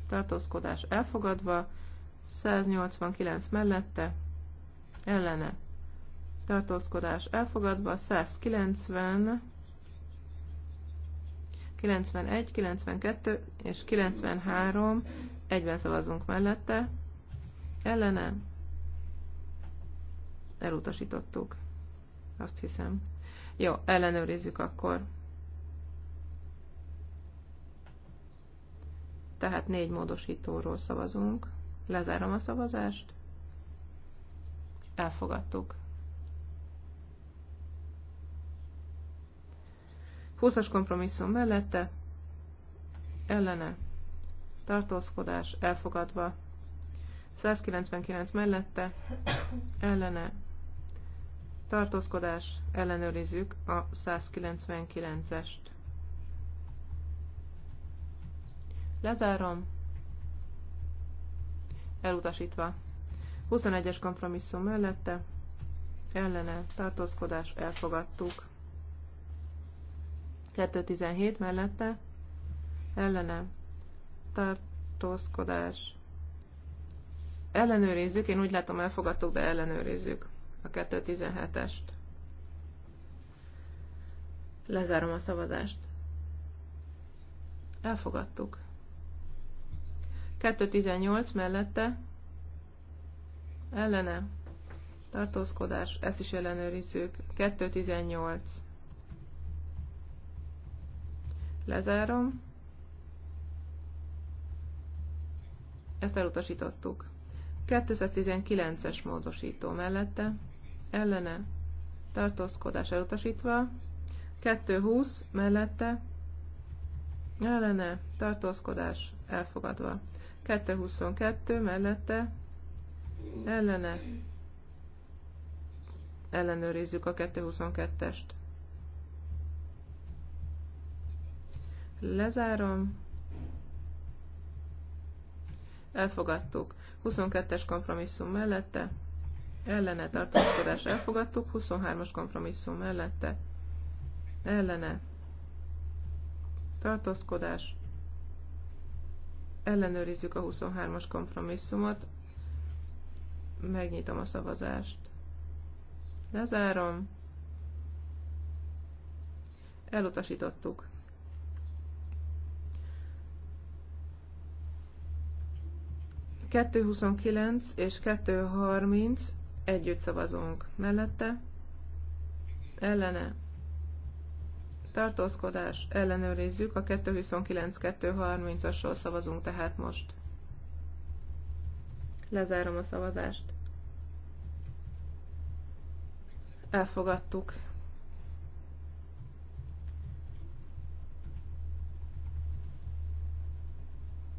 tartózkodás elfogadva, 189 mellette ellene tartózkodás elfogadva, 190 91, 92 és 93 egyben szavazunk mellette, ellene elutasítottuk, azt hiszem. Jó, ellenőrizzük akkor. Tehát négy módosítóról szavazunk. Lezárom a szavazást. Elfogadtuk. 20-as kompromisszum mellette, ellene, tartózkodás, elfogadva, 199 mellette, ellene, tartózkodás, ellenőrizzük a 199-est. Lezárom. Elutasítva. 21-es kompromisszum mellette, ellene, tartózkodás, elfogadtuk. 217 mellette, ellene, tartózkodás. Ellenőrizzük, én úgy látom elfogadtuk, de ellenőrizzük a 217-est. Lezárom a szavazást. Elfogadtuk. 218 mellette ellene tartózkodás, ezt is ellenőrizzük. 218. Lezárom. Ezt elutasítottuk. 219-es módosító mellette ellene tartózkodás elutasítva. 220 mellette ellene tartózkodás elfogadva. 222 mellette ellene ellenőrizzük a 222-est. Lezárom. Elfogadtuk. 22-es kompromisszum mellette. Ellene tartózkodás elfogadtuk. 23-as kompromisszum mellette. Ellene tartózkodás ellenőrizzük a 23-as kompromisszumot, megnyitom a szavazást. Lezárom. Elutasítottuk. Kettő és 230 együtt szavazunk. Mellette? Ellene? tartózkodás, ellenőrizzük, a 229-230-asról szavazunk tehát most. Lezárom a szavazást. Elfogadtuk.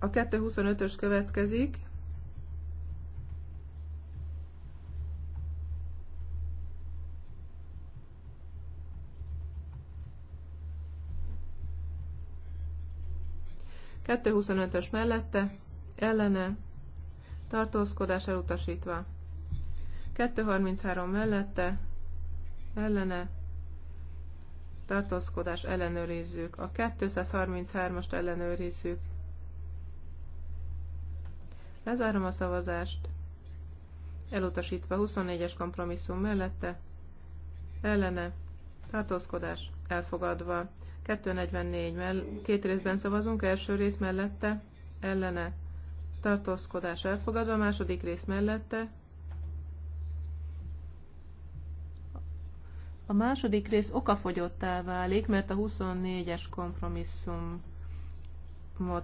A 225-ös következik, 225-ös mellette, ellene, tartózkodás elutasítva. 233 mellette, ellene, tartózkodás ellenőrizzük. A 233-ast ellenőrizzük. Lezárom a szavazást. Elutasítva 24-es kompromisszum mellette, ellene, tartózkodás elfogadva. 244 mell- két részben szavazunk, első rész mellette, ellene, tartózkodás elfogadva, második rész mellette. A második rész okafogyottá válik, mert a 24-es kompromisszumot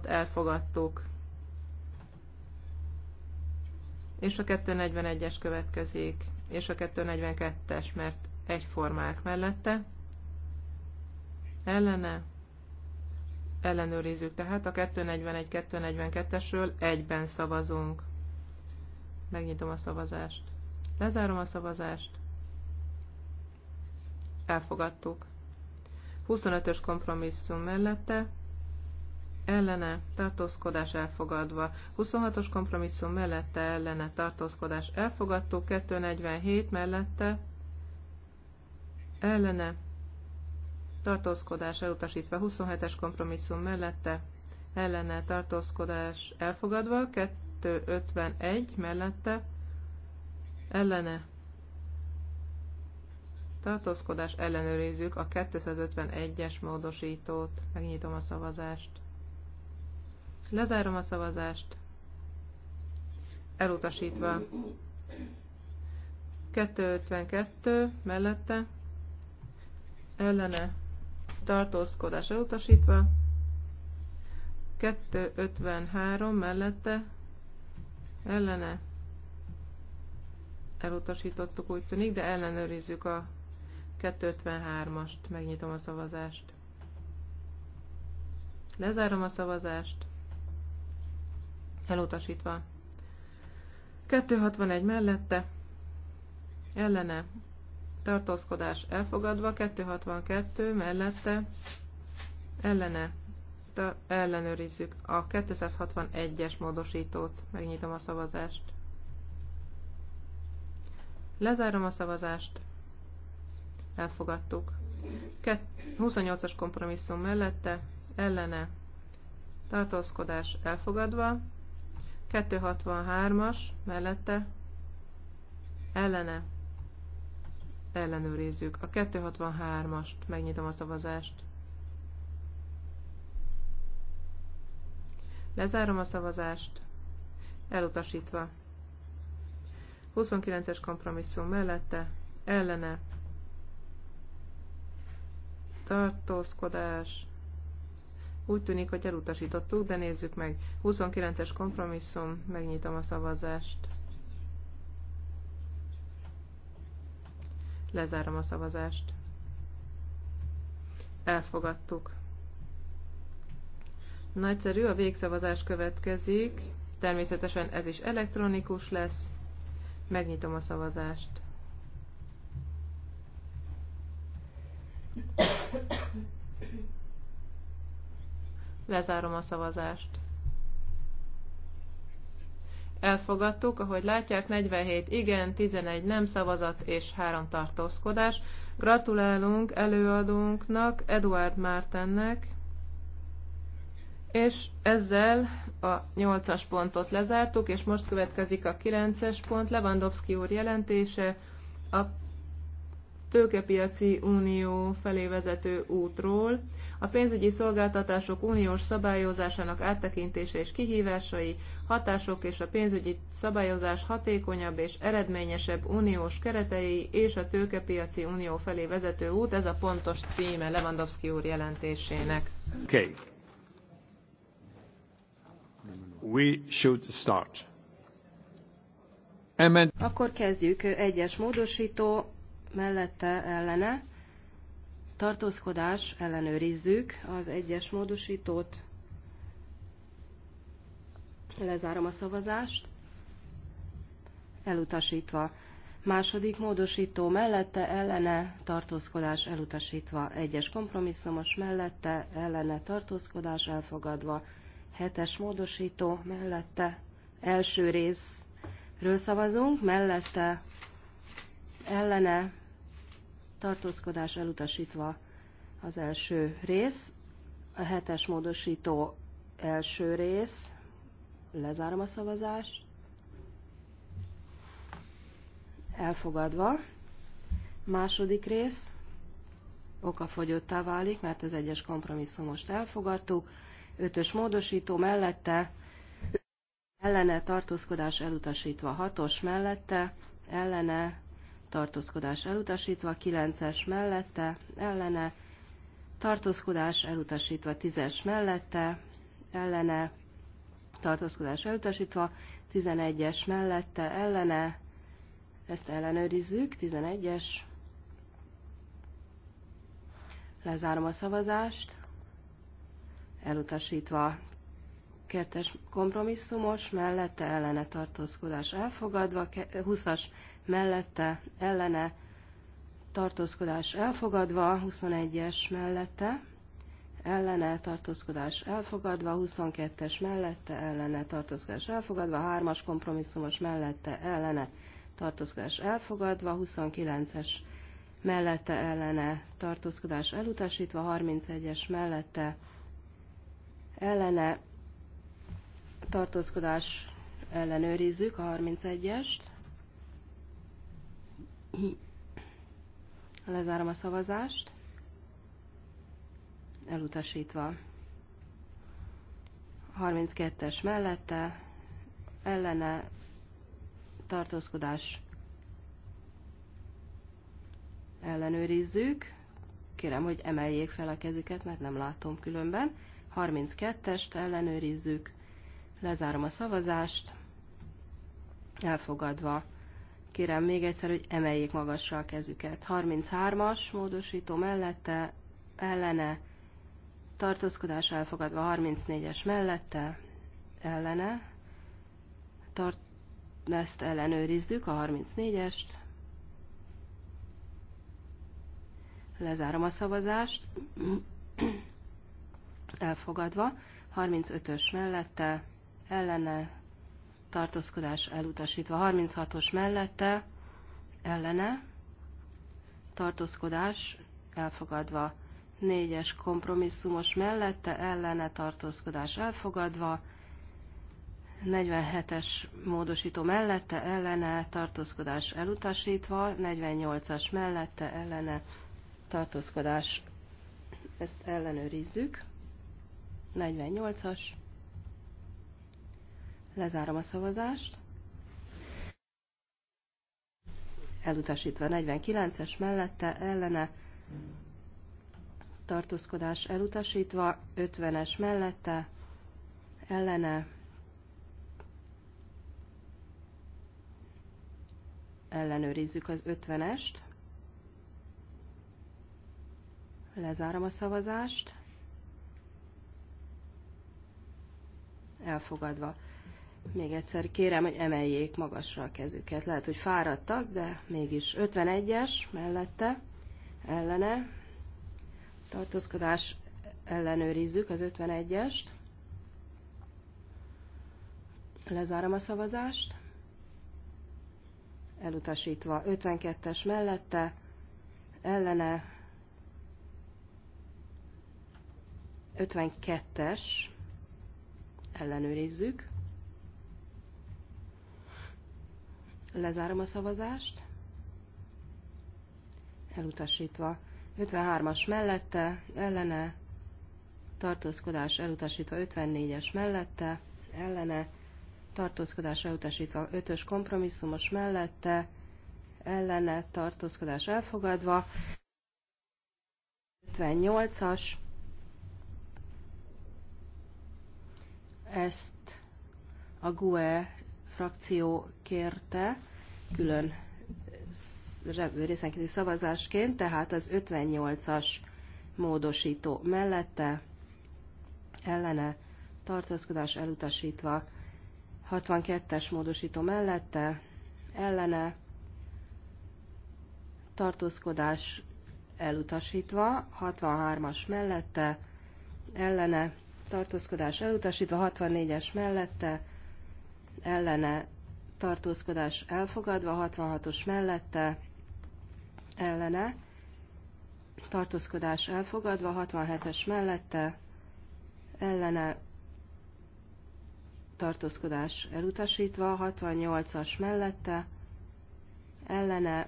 elfogadtuk. És a 241-es következik, és a 242-es, mert egyformák mellette ellene ellenőrizzük. Tehát a 241-242-esről egyben szavazunk. Megnyitom a szavazást. Lezárom a szavazást. Elfogadtuk. 25-ös kompromisszum mellette, ellene, tartózkodás elfogadva. 26-os kompromisszum mellette, ellene, tartózkodás elfogadtuk. 247 mellette, ellene, tartózkodás elutasítva 27-es kompromisszum mellette, ellene tartózkodás elfogadva 251 mellette, ellene tartózkodás ellenőrizzük a 251-es módosítót. Megnyitom a szavazást. Lezárom a szavazást. Elutasítva. 252 mellette. Ellene tartózkodás elutasítva, 253 mellette ellene elutasítottuk úgy tűnik, de ellenőrizzük a 253-ast, megnyitom a szavazást. Lezárom a szavazást. Elutasítva. 261 mellette. Ellene tartózkodás elfogadva, 262 mellette ellene ellenőrizzük a 261-es módosítót. Megnyitom a szavazást. Lezárom a szavazást. Elfogadtuk. 28-as kompromisszum mellette ellene tartózkodás elfogadva, 263-as mellette ellene ellenőrizzük. A 263-ast megnyitom a szavazást. Lezárom a szavazást, elutasítva. 29-es kompromisszum mellette, ellene, tartózkodás, úgy tűnik, hogy elutasítottuk, de nézzük meg. 29-es kompromisszum, megnyitom a szavazást. Lezárom a szavazást. Elfogadtuk. Nagyszerű, a végszavazás következik. Természetesen ez is elektronikus lesz. Megnyitom a szavazást. Lezárom a szavazást. Elfogadtuk, ahogy látják, 47 igen, 11 nem szavazat és 3 tartózkodás. Gratulálunk előadónknak, Eduard Mártennek, és ezzel a 8-as pontot lezártuk, és most következik a 9-es pont, Lewandowski úr jelentése, a tőkepiaci unió felé vezető útról, a pénzügyi szolgáltatások uniós szabályozásának áttekintése és kihívásai, hatások és a pénzügyi szabályozás hatékonyabb és eredményesebb uniós keretei és a tőkepiaci unió felé vezető út, ez a pontos címe Lewandowski úr jelentésének. Okay. We should start. Akkor kezdjük. Egyes módosító mellette ellene tartózkodás ellenőrizzük az egyes módosítót. Lezárom a szavazást. Elutasítva. Második módosító mellette ellene tartózkodás elutasítva. Egyes kompromisszumos mellette ellene tartózkodás elfogadva. Hetes módosító mellette első részről szavazunk, mellette ellene tartózkodás elutasítva az első rész, a hetes módosító első rész, lezárom a szavazást, elfogadva, második rész, okafogyottá válik, mert az egyes kompromisszumost elfogadtuk, ötös módosító mellette, ellene tartózkodás elutasítva, hatos mellette, ellene tartózkodás elutasítva, 9-es mellette, ellene, tartózkodás elutasítva, 10-es mellette, ellene, tartózkodás elutasítva, 11-es mellette, ellene, ezt ellenőrizzük, 11-es, lezárom a szavazást, elutasítva kettes kompromisszumos, mellette ellene tartózkodás elfogadva, 20-as mellette ellene tartózkodás elfogadva, 21-es mellette ellene tartózkodás elfogadva, 22-es mellette ellene tartózkodás elfogadva, 3-as kompromisszumos mellette ellene tartózkodás elfogadva, 29-es mellette ellene tartózkodás elutasítva, 31-es mellette ellene tartózkodás ellenőrizzük, a 31-est. Lezárom a szavazást. Elutasítva. 32-es mellette, ellene tartózkodás ellenőrizzük. Kérem, hogy emeljék fel a kezüket, mert nem látom különben. 32-est ellenőrizzük. Lezárom a szavazást. Elfogadva. Kérem még egyszer, hogy emeljék magasra a kezüket. 33-as módosító mellette, ellene, tartózkodás elfogadva 34-es mellette, ellene, tart, ezt ellenőrizzük, a 34-est. Lezárom a szavazást. Elfogadva. 35-ös mellette, ellene tartózkodás elutasítva. 36-os mellette ellene tartózkodás elfogadva. 4-es kompromisszumos mellette ellene tartózkodás elfogadva. 47-es módosító mellette ellene tartózkodás elutasítva, 48-as mellette ellene tartózkodás, ezt ellenőrizzük, 48-as, Lezárom a szavazást. Elutasítva 49-es mellette ellene tartózkodás elutasítva, 50-es mellette, ellene, ellenőrizzük az 50-est, lezárom a szavazást, elfogadva. Még egyszer kérem, hogy emeljék magasra a kezüket. Lehet, hogy fáradtak, de mégis 51-es mellette, ellene. Tartózkodás ellenőrizzük az 51-est. Lezárom a szavazást. Elutasítva 52-es mellette, ellene 52-es, ellenőrizzük. Lezárom a szavazást. Elutasítva. 53-as mellette, ellene, tartózkodás elutasítva 54-es mellette, ellene, tartózkodás elutasítva 5-ös kompromisszumos mellette, ellene, tartózkodás elfogadva, 58-as, ezt a GUE frakció kérte külön részenkénti szavazásként, tehát az 58-as módosító mellette ellene tartózkodás elutasítva, 62-es módosító mellette ellene tartózkodás elutasítva, 63-as mellette ellene tartózkodás elutasítva, 64-es mellette ellene tartózkodás elfogadva, 66-os mellette ellene tartózkodás elfogadva, 67-es mellette ellene tartózkodás elutasítva, 68-as mellette ellene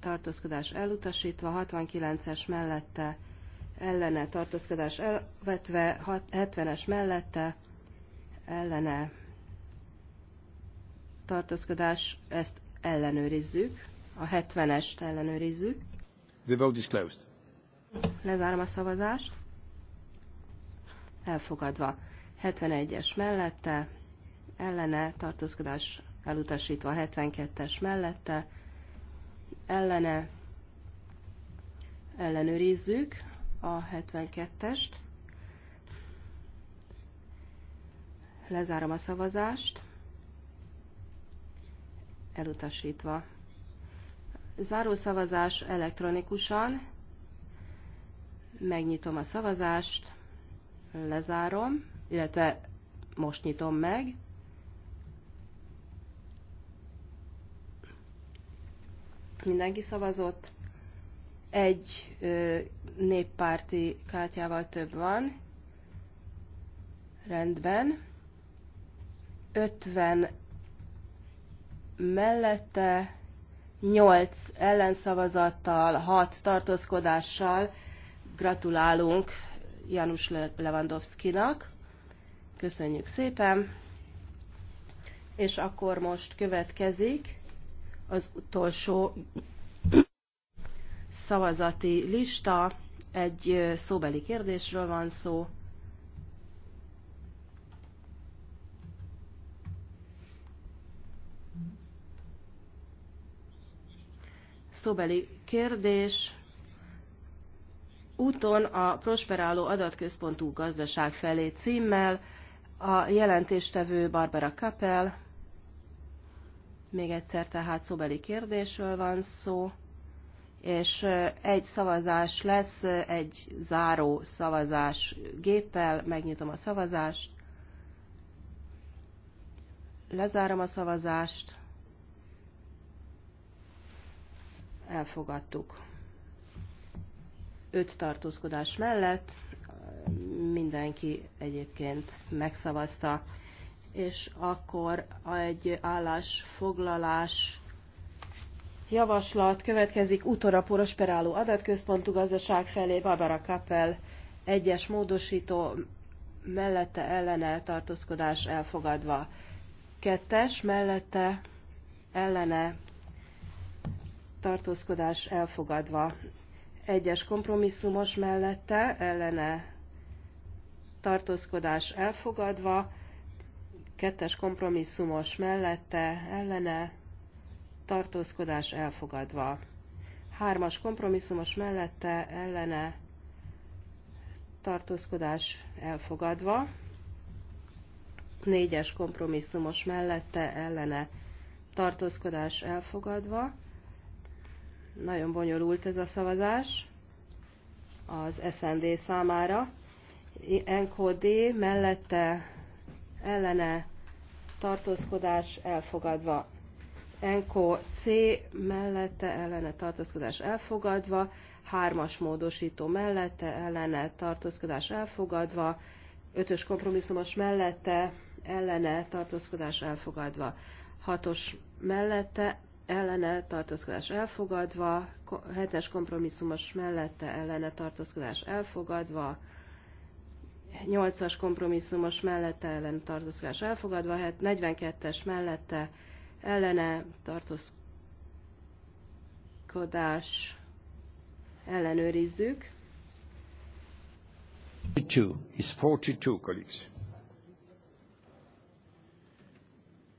tartózkodás elutasítva, 69-es mellette ellene tartózkodás elvetve, 70-es mellette ellene tartózkodás, ezt ellenőrizzük. A 70-est ellenőrizzük. The vote is closed. Lezárom a szavazást. Elfogadva. 71-es mellette, ellene, tartózkodás elutasítva 72-es mellette, ellene, ellenőrizzük a 72-est, lezárom a szavazást, elutasítva. Záró szavazás elektronikusan. Megnyitom a szavazást, lezárom, illetve most nyitom meg. Mindenki szavazott. Egy ö, néppárti kártyával több van. Rendben. 50 mellette, 8 ellenszavazattal, 6 tartózkodással gratulálunk Janus Lewandowski-nak. Köszönjük szépen! És akkor most következik az utolsó szavazati lista. Egy szóbeli kérdésről van szó. szóbeli kérdés úton a prosperáló adatközpontú gazdaság felé címmel a jelentéstevő Barbara Kapel. Még egyszer tehát szóbeli kérdésről van szó, és egy szavazás lesz, egy záró szavazás géppel, megnyitom a szavazást, lezárom a szavazást, elfogadtuk. Öt tartózkodás mellett mindenki egyébként megszavazta, és akkor egy állásfoglalás javaslat következik utora porosperáló adatközpontú gazdaság felé Barbara Kappel egyes módosító mellette ellene tartózkodás elfogadva. Kettes mellette ellene tartózkodás elfogadva. Egyes kompromisszumos mellette ellene tartózkodás elfogadva, kettes kompromisszumos mellette ellene tartózkodás elfogadva. Hármas kompromisszumos mellette ellene tartózkodás elfogadva. Négyes kompromisszumos mellette ellene tartózkodás elfogadva. Nagyon bonyolult ez a szavazás az SND számára. NKD mellette ellene tartózkodás elfogadva. NKc mellette ellene tartózkodás elfogadva, hármas módosító mellette ellene tartózkodás elfogadva, ötös kompromisszumos mellette ellene tartózkodás elfogadva, hatos mellette ellene tartózkodás elfogadva, 7-es kompromisszumos mellette ellene tartózkodás elfogadva, 8-as kompromisszumos mellette ellen tartózkodás elfogadva, 42-es mellette ellene tartózkodás ellenőrizzük. 42 is 42, colleagues.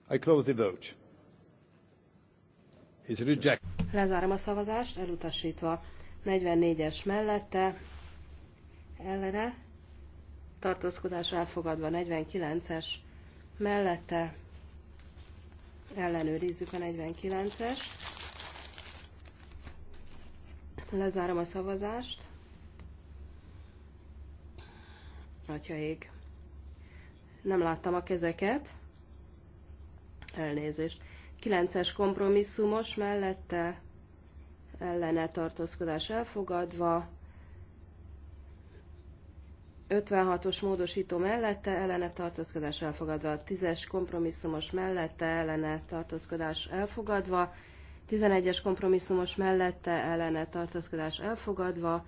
I close the vote is reject. Lezárom a szavazást, elutasítva. 44-es mellette, ellene, tartózkodás elfogadva, 49-es mellette, ellenőrizzük a 49-es. Lezárom a szavazást. Atya ég. Nem láttam a kezeket. Elnézést. 9-es kompromisszumos mellette ellene tartózkodás elfogadva, 56-os módosító mellette ellene tartózkodás elfogadva, 10-es kompromisszumos mellette ellene tartózkodás elfogadva, 11-es kompromisszumos mellette ellene tartózkodás elfogadva,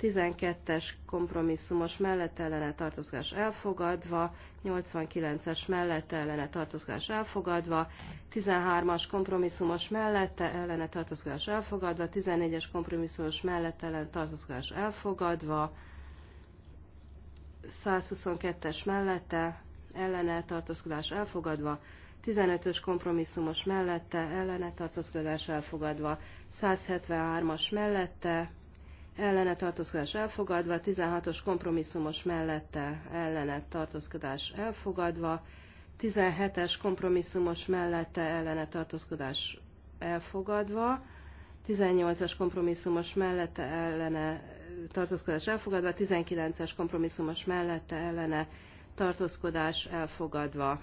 12-es kompromisszumos mellett ellene tartozgás elfogadva, 89-es mellett ellene tartozgás elfogadva, 13-as kompromisszumos mellette ellene tartozás elfogadva, 14-es kompromisszumos mellett ellene tartozgás elfogadva, 122-es mellette ellene tartozás elfogadva, 15-ös kompromisszumos mellette ellene tartózkodás elfogadva, 173-as mellette ellene tartózkodás elfogadva, 16-os kompromisszumos mellette ellene tartózkodás elfogadva, 17-es kompromisszumos mellette ellene tartózkodás elfogadva, 18-as kompromisszumos mellette ellene tartózkodás elfogadva, 19-es kompromisszumos mellette ellene tartózkodás elfogadva.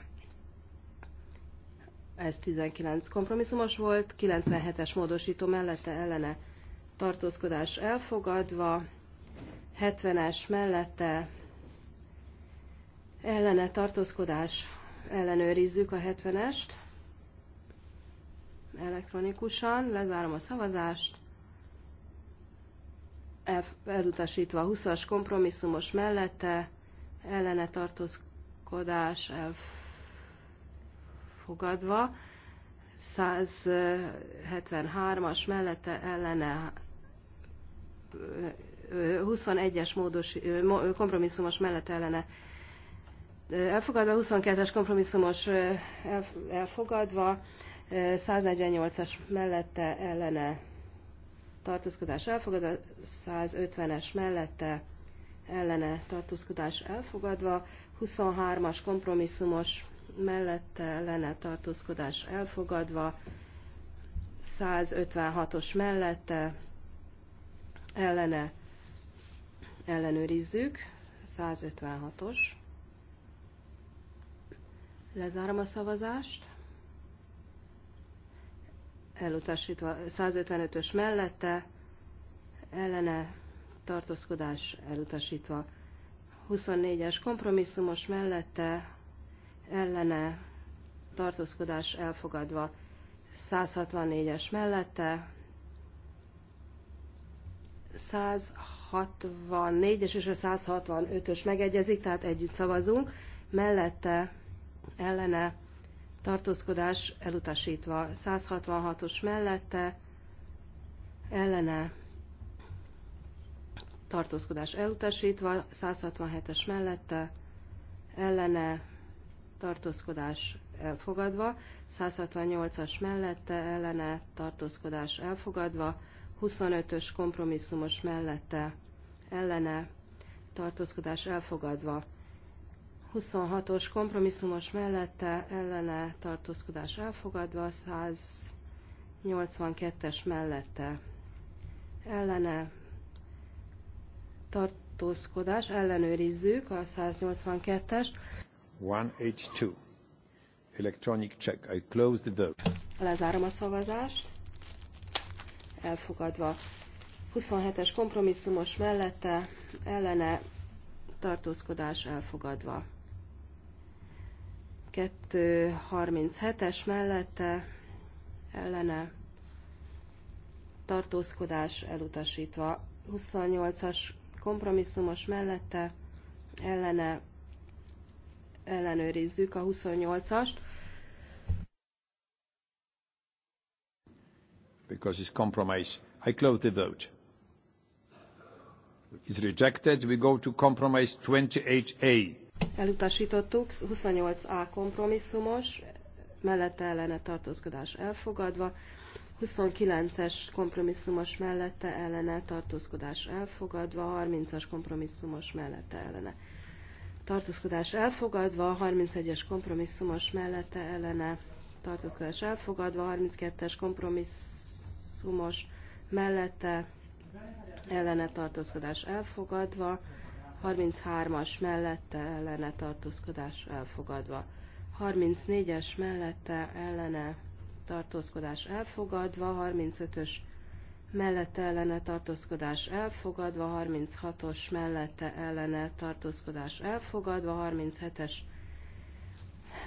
Ez 19 kompromisszumos volt, 97-es módosító mellette ellene tartózkodás elfogadva, 70-es mellette ellene tartózkodás ellenőrizzük a 70-est elektronikusan, lezárom a szavazást, elutasítva a 20-as kompromisszumos mellette ellene tartózkodás elfogadva, 173-as mellette ellene 21-es módos, kompromisszumos mellett ellene elfogadva, 22-es kompromisszumos elfogadva, 148-as mellette ellene tartózkodás elfogadva, 150-es mellette ellene tartózkodás elfogadva, 23-as kompromisszumos mellette ellene tartózkodás elfogadva, 156-os mellette ellene ellenőrizzük, 156-os. Lezárom a szavazást. Elutasítva 155-ös mellette, ellene tartózkodás elutasítva. 24-es kompromisszumos mellette, ellene tartózkodás elfogadva. 164-es mellette, 164-es és a 165-ös megegyezik, tehát együtt szavazunk. Mellette ellene tartózkodás elutasítva. 166-os mellette ellene tartózkodás elutasítva, 167-es mellette ellene tartózkodás elfogadva, 168-as mellette ellene tartózkodás elfogadva, 25-ös kompromisszumos mellette ellene tartózkodás elfogadva. 26-os kompromisszumos mellette ellene tartózkodás elfogadva, 182-es mellette ellene tartózkodás, ellenőrizzük a 182-es. 182. Electronic check. I close the vote. Lezárom a szavazást elfogadva. 27-es kompromisszumos mellette ellene tartózkodás elfogadva. 237-es mellette ellene tartózkodás elutasítva. 28-as kompromisszumos mellette ellene ellenőrizzük a 28-ast. because it's compromise. I close the vote. It's rejected. We go to compromise 28A. Elutasítottuk 28A kompromisszumos, mellette ellene tartózkodás elfogadva, 29-es kompromisszumos mellette ellene tartózkodás elfogadva, 30-as kompromisszumos mellette ellene tartózkodás elfogadva, 31-es kompromisszumos mellette ellene tartózkodás elfogadva, 32-es kompromisszumos kompromisszumos, mellette ellene tartózkodás elfogadva, 33-as mellette ellene tartózkodás elfogadva, 34-es mellette ellene tartózkodás elfogadva, 35-ös mellette ellene tartózkodás elfogadva, 36-os mellette ellene tartózkodás elfogadva, 37-es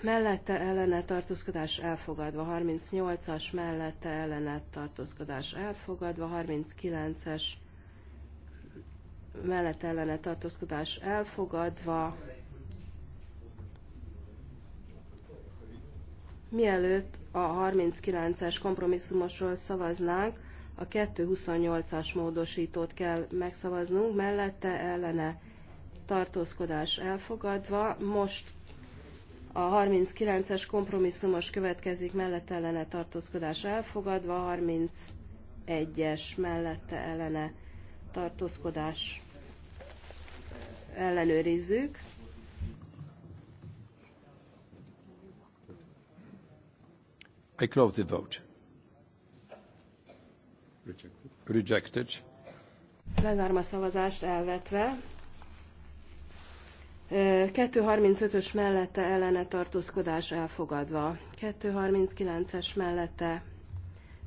mellette ellene tartózkodás elfogadva, 38-as mellette ellene tartózkodás elfogadva, 39-es mellette ellene tartózkodás elfogadva. Mielőtt a 39-es kompromisszumosról szavaznánk, a 228-as módosítót kell megszavaznunk, mellette ellene tartózkodás elfogadva. Most a 39-es kompromisszumos következik mellette ellene tartózkodás elfogadva, 31-es mellette ellene tartózkodás ellenőrizzük. I close the vote. Rejected. Rejected. Lezárom a szavazást elvetve. 235-ös mellette ellene tartózkodás elfogadva. 239-es mellette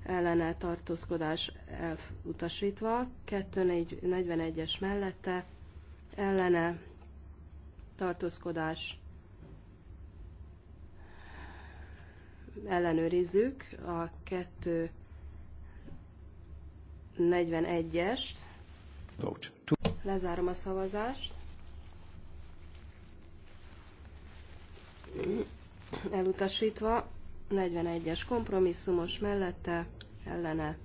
ellene tartózkodás elutasítva. 241-es mellette ellene tartózkodás ellenőrizzük a 241-est. Lezárom a szavazást. elutasítva, 41-es kompromisszumos mellette ellene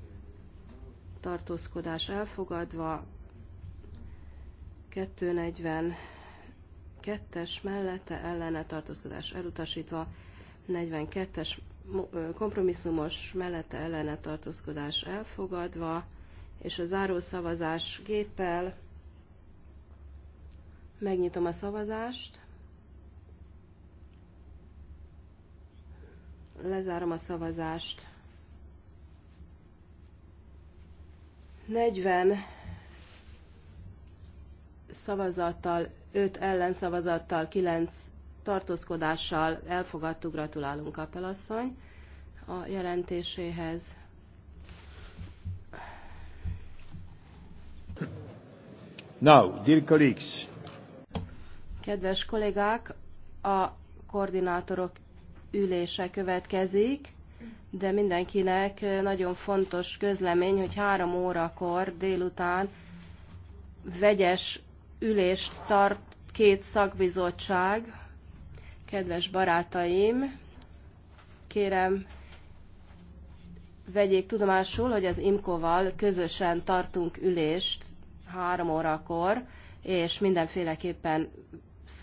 tartózkodás elfogadva, 242-es mellette ellene tartózkodás elutasítva, 42-es kompromisszumos mellette ellene tartózkodás elfogadva, és a záró szavazás géppel megnyitom a szavazást. Lezárom a szavazást. 40 szavazattal, 5 ellenszavazattal, 9 tartózkodással elfogadtuk, gratulálunk kapelasszony a jelentéséhez. Now, dear colleagues. Kedves kollégák, a koordinátorok ülése következik, de mindenkinek nagyon fontos közlemény, hogy három órakor délután vegyes ülést tart két szakbizottság. Kedves barátaim, kérem, vegyék tudomásul, hogy az Imkoval közösen tartunk ülést három órakor, és mindenféleképpen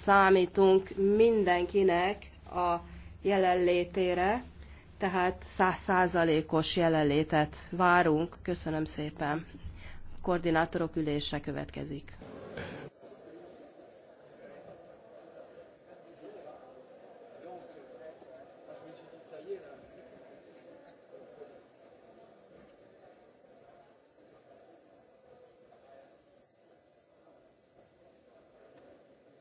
számítunk mindenkinek a jelenlétére, tehát százszázalékos jelenlétet várunk. Köszönöm szépen. A koordinátorok ülése következik.